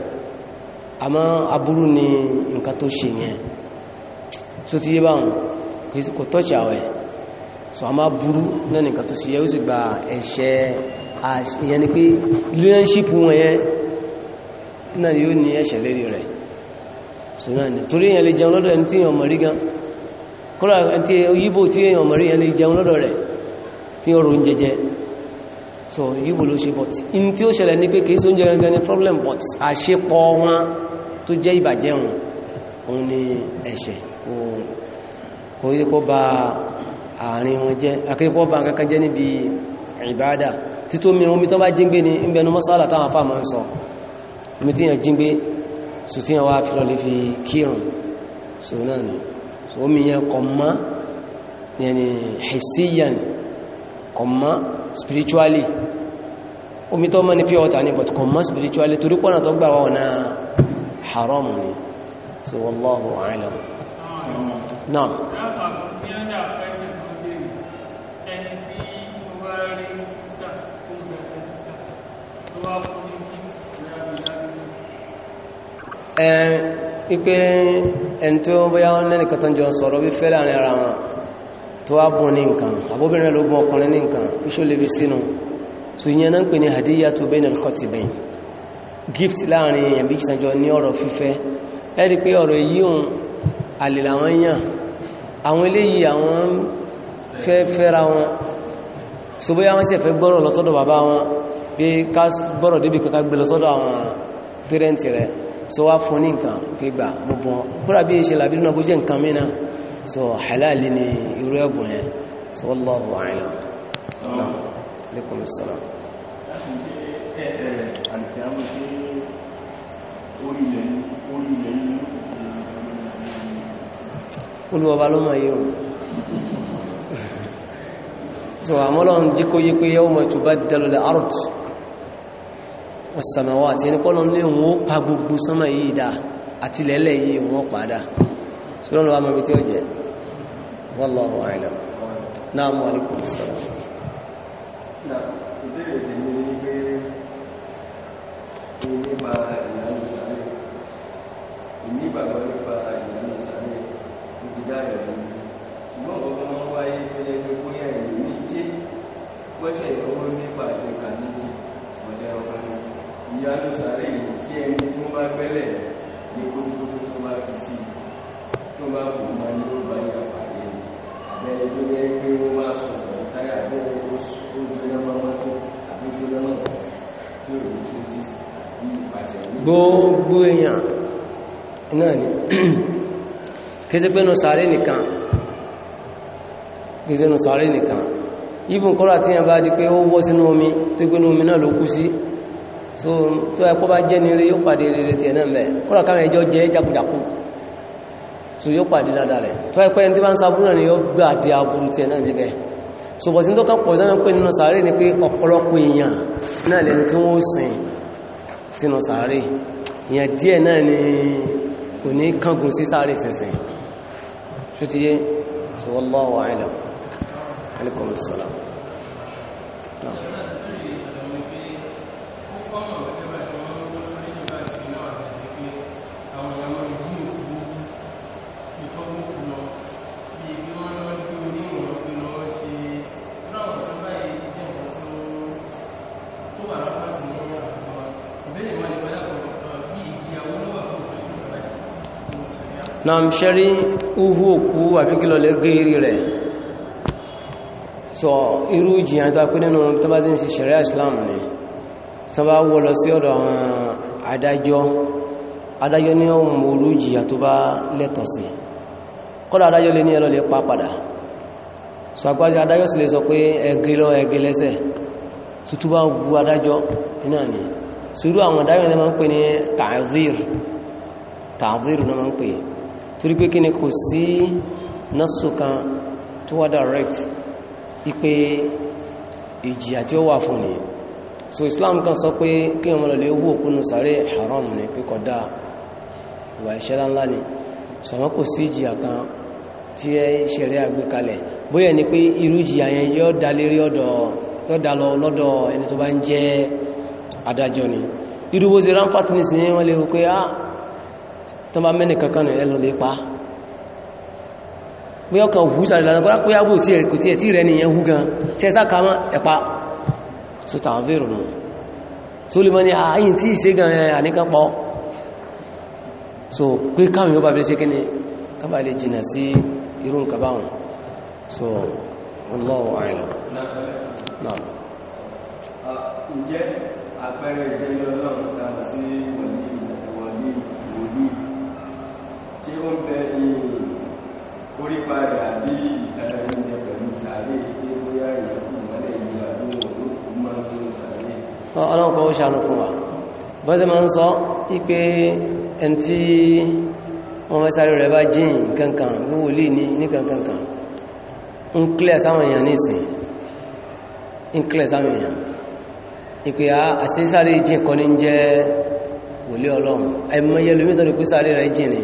àmọ́ aburú ni nǹkan tó ṣe yẹn so ti yé báwọn kò tó ṣàwẹ̀ so a máa burú náà nìkan tó ṣe ni pé relationship wọn náà yóò ní ẹ̀ṣẹ̀ lérí rẹ̀ sùnà ní torí èyàn lè jẹun lọ́dọ̀ ẹni tí èyàn mọ̀rí gan kọ́lá tí yíbò tí èyàn mọ̀rí èyàn lè jẹun lọ́dọ̀ rẹ̀ tí ó rún jẹjẹ so yíbò ló ṣe but in tí ó ṣẹlẹ̀ ní pé kìí sóúnjẹ gangan ni problem but àṣepọ̀ wọn tó jẹ́ ìbàjẹ́ wọn òun ni ẹ̀ṣẹ̀ kò yẹ kó ba àárín wọn jẹ́ akẹ́kọ̀ọ́ bá kankan jẹ́ níbi ìbáadà tító mi ni ń bẹnu mọ́sálà táwọn afá máa ń sọ omi tí so tí wọ́n wá fi lọ́lẹ́ fi kírun so náà ni so omi yẹn kọ̀ mọ́ yẹni hessian kọ̀ mọ́ spiritually omi tó mọ́ ní pure water ní but kọ̀ spiritually torí pọ́nà tó gbà wọ́n náà haram ni so wallahu a'lam náà Thank you. ẹ pípé ẹni tó bóyá wọn lẹ́nì kan tó ń jọ sọ̀rọ̀ wífẹ́ láàrin ara wọn tó wá bùn ní nǹkan àbóbìnrin ló bùn ọkùnrin ní nǹkan iṣó lè fi sínú tó yẹn náà ń pè ní hadiya tó bẹ́ẹ̀ nìkan ti bẹ́ẹ̀ gift láàrin èèyàn bí ìsànjọ ní ọ̀rọ̀ fífẹ́ ẹ rí pé ọ̀rọ̀ èyí òun àlè làwọn yàn àwọn eléyìí àwọn fẹ́ fẹ́ra wọn so bóyá wọ́n sì fẹ́ gbọ́rọ̀ lọ sọ́dọ̀ bàbá wọn bí ká gbọ́rọ̀ débi kankan so wá fún ní nǹkan kígbà gbogbo kúrò bí ìṣẹ̀lẹ̀ àbí náà bó jẹ́ nǹkan mìíràn so halal ni irú ẹ̀bùn yẹn so wallahu a'lam alaikum assalam olùwọ̀bá ló mọ̀ yíò so àmọ́lọ́n jíkó yí pé yawma tubaddalu al-ard ọ̀sàmàwà àti ẹni pọ́lọ́n lé wọn ó pa gbogbo sánmà yìí dáa àti lẹ́lẹ̀ yìí wọ́n padà ṣúlọ́nà wà mọ̀bí tí ó jẹ́ wallahu a'lam náà mọ́ alaikum salam Wọ́n ṣe ìrọwọ́ nípa ìjọba méjì, ọ̀dẹ́ ọba náà ìyanu sàárè sí ẹni tí wọ́n bá gbẹ́lẹ̀ ní kótókótó tó bá fi sí tó bá kù máa ní ó bá ní àpàdé abẹ́ni tó yẹ pé wọ́n máa sọ̀rọ̀ ìtayà abẹ́ni tó jóná máa tó àbí jóná náà tó rò ó tún sí ìpàṣẹ. gbogbo èèyàn náà ni kí sí sàárè nìkan kí sí nù sàárè bá di pé ó wọ́ sínú omi tó gbénú omi náà ló kú sí so tó ẹ kó bá jẹ́ ní rí yóò pàdé rere tiẹ̀ náà mẹ́ kọ́lá káwọn ẹjọ́ jẹ́ jákujàku so yóò pàdé dáadáa rẹ̀ tó ẹ pé ẹni tí bá ń sa búrò ní yóò gbà dé aburú tiẹ̀ náà níbẹ̀ so bọ̀tí tó kápọ̀ dáná pé nínú sàárè ni pé ọ̀pọ̀lọpọ̀ èèyàn náà lẹni tí wọ́n sìn ni kò ní kángun sí sàárè tó ti yé so wallahu a'lam alaikum nam ṣẹ́rí uhu òkú àbíkílọ̀ lè gẹ́rí rẹ̀ sọ irú jìyàn tó pín nínú tó bá ti ń ṣe ṣẹ̀rẹ́ islam ni tó bá wọ́ lọ sí ọ̀dọ̀ àwọn adájọ́ adájọ́ ní ọmọ olójìyà tó bá lẹ́tọ̀ sí kọ́lá adájọ́ lè ní ẹlọ́ lè pa padà so adájọ́ sì lè sọ pé ẹgbẹ́ lọ ẹgbẹ́ lẹ́sẹ̀ bá wu adájọ́ iná ni sùúrù àwọn adájọ́ ni kan ìjìyà tí ó wà so islam kan sọ pé kí ọmọ lọ́lẹ̀ owó òkúnnù sàárè haram ní kíkọ̀ dáa ìwà ìṣẹ́lá ńlá ni sọmọ́ kò sí ìjìyà kan tí ẹ ṣẹ̀rẹ́ àgbékalẹ̀ bóyẹ̀ ni pé irú ìjìyà yẹn yọ́ da lérí ọ̀dọ̀ yọ́ da lọ lọ́dọ̀ ẹni tó bá ń jẹ́ adájọ́ ni irú bó ṣe rampart ní sin wọ́n lè wò pé ah tó bá mẹ́ni kankan nù so tàbíru nù so lè mọ́ ní ààyìn tí ìṣe gan àníkan pọ̀ so pé káwọn yóò bá bí ṣe kí ni kábà lè jìnà sí irú nǹkan báwọn so Allahu a'lam náà ǹjẹ́ àpẹẹrẹ ìjẹ́ ọlọ́run tàbí sí wọ̀lú ìwọ̀lú ìwòlú ṣe ó ń bẹ orí padà bí ìtàrí ilẹ̀ pẹ̀lú sàárè ní bóyá ìyẹ̀kùn ọlọ́run kọ́ ó ṣàánú fún wa bọ́sẹ̀ máa ń sọ ipé ẹn tí wọ́n mẹ́ sáré rẹ̀ bá jíìn kankan gbogbo lè ní ní kankankan ń kílẹ̀ sáwọn èèyàn ní ìsìn ń kílẹ̀ sáwọn èèyàn ìpé ah, àṣísáré jíìn kọ́ ní jẹ́ wòlé ọlọ́run ẹmọ́yẹ lómi tọ́rọ pé sáré rẹ̀ jíìn ni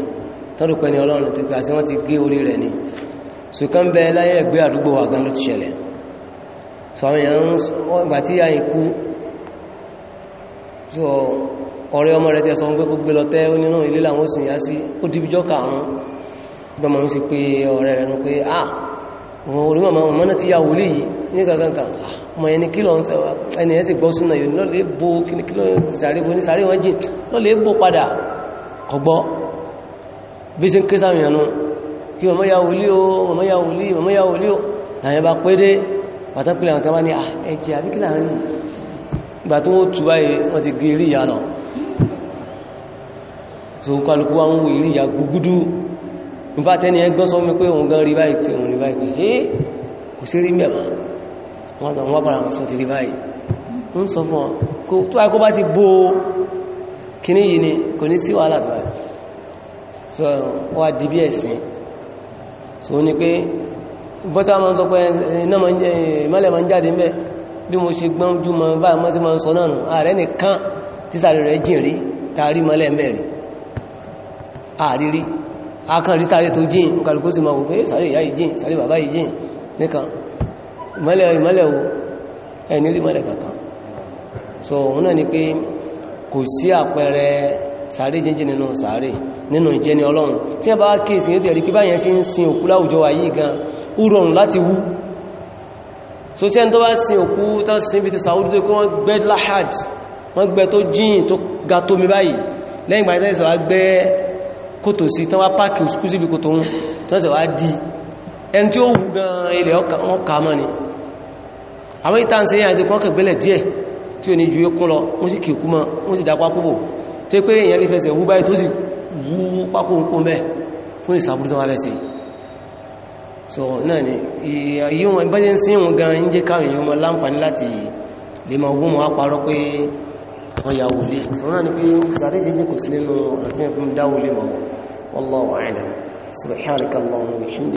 tọ́rọ pẹ́ láyé ẹgbẹ́ àdúgbò wa gan ló ti ṣẹlẹ̀ sọ àwọn èèyàn ń gbà tí yá ikú so ọ̀rẹ́ ọmọ rẹ̀ ti ẹ̀sọ́ ń gbé kó gbé lọ tẹ́ ó nínú ilé làwọn òsìn yá sí ó dìbíjọ́ kàrún gbọmọ ń ṣe pé ọ̀rẹ́ rẹ̀ nù pé ah wọn orí màmá wọn mọ́nà ti ya wòlé yìí ní kankankan ọmọ ẹni kí lọ ń sẹ́wà ẹni ẹ̀sì gbọ́ súnà yìí lọ́lẹ̀ bó kí lọ sàárè bó ní sàárè wọ́n jìn lọ́lẹ̀ bó padà kọgbọ́ bí sí ń ké sàmìyànú kí màmá ya wòlé o màmá ya wòlé màmá ya wòlé o làyẹn bá pé dé ìgbà tó tú báyìí wọ́n ti gé rí ìyá lọ so kálukú wá ń wo ìrí ìyá gúgúdú nípa tẹ́ni ẹgán sọ mi pé òun gan rí báyìí tí òun rí báyìí pé kò sí rí mẹ́mà wọ́n tàn wọ́n bára sọ ti rí báyìí ń sọ fún ọ tó àìkó bá ti bó bí mo ṣe gbọ́n ojú mọ bá mọ́ sí mọ́ sọ náà nù ààrẹ nìkan tísàrí rẹ̀ jìn rí tààrí mọ́lẹ̀ mẹ́rin àrírí akànrí sáré tó jìn kàlùkó sì máa wò pé eh, sáré ìyá yìí jìn sáré bàbá yìí jìn nìkan ìmọ́lẹ̀ ìmọ́lẹ̀ wo ẹni rí mọ́lẹ̀ kankan so òun náà ni pé kò sí àpẹẹrẹ sáré jíjìn nínú sáré nínú ìjẹni ọlọ́run tí ẹ bá kéèsì ní ti ẹ̀rí pé báyẹn ṣe ń sin òkú láwùjọ wa yìí gan ó rọrùn láti wú so tí ẹni tó bá sin òkú tán sin bí ti Saudi tó kí wọ́n gbẹ́ lahad wọ́n gbẹ́ tó jíyìn tó ga tó mi báyìí lẹ́yìn ìgbà ìtẹ́sẹ̀ wá gbẹ́ kòtò sí tán wá pàkì òsùkú síbi kòtò di ẹni tí ó wù gan wọ́n kà mọ́ ni àwọn ìtànsẹ̀ yà ti kọ́kẹ̀ gbẹ́lẹ̀ díẹ̀ tí ò ní ju ikún lọ wọ́n sì kìkú mọ́ wọ́n sì dápá púpọ̀ tí pé èèyàn lè fẹsẹ̀ wú báyìí tó sì wú pákó wá fẹ́ so náà ni yí wọn bá jẹ́ sí wọn gan ń jẹ́ káwọn èèyàn mọ́ láǹfààní láti lè máa ogún wọn parọ́ pé wọ́n ya wòlé so náà ni pé sàárè jẹ́jẹ́ kò sí nínú àfihàn fún dáwòlé mọ́ wallahu a'lam subhanakallahumma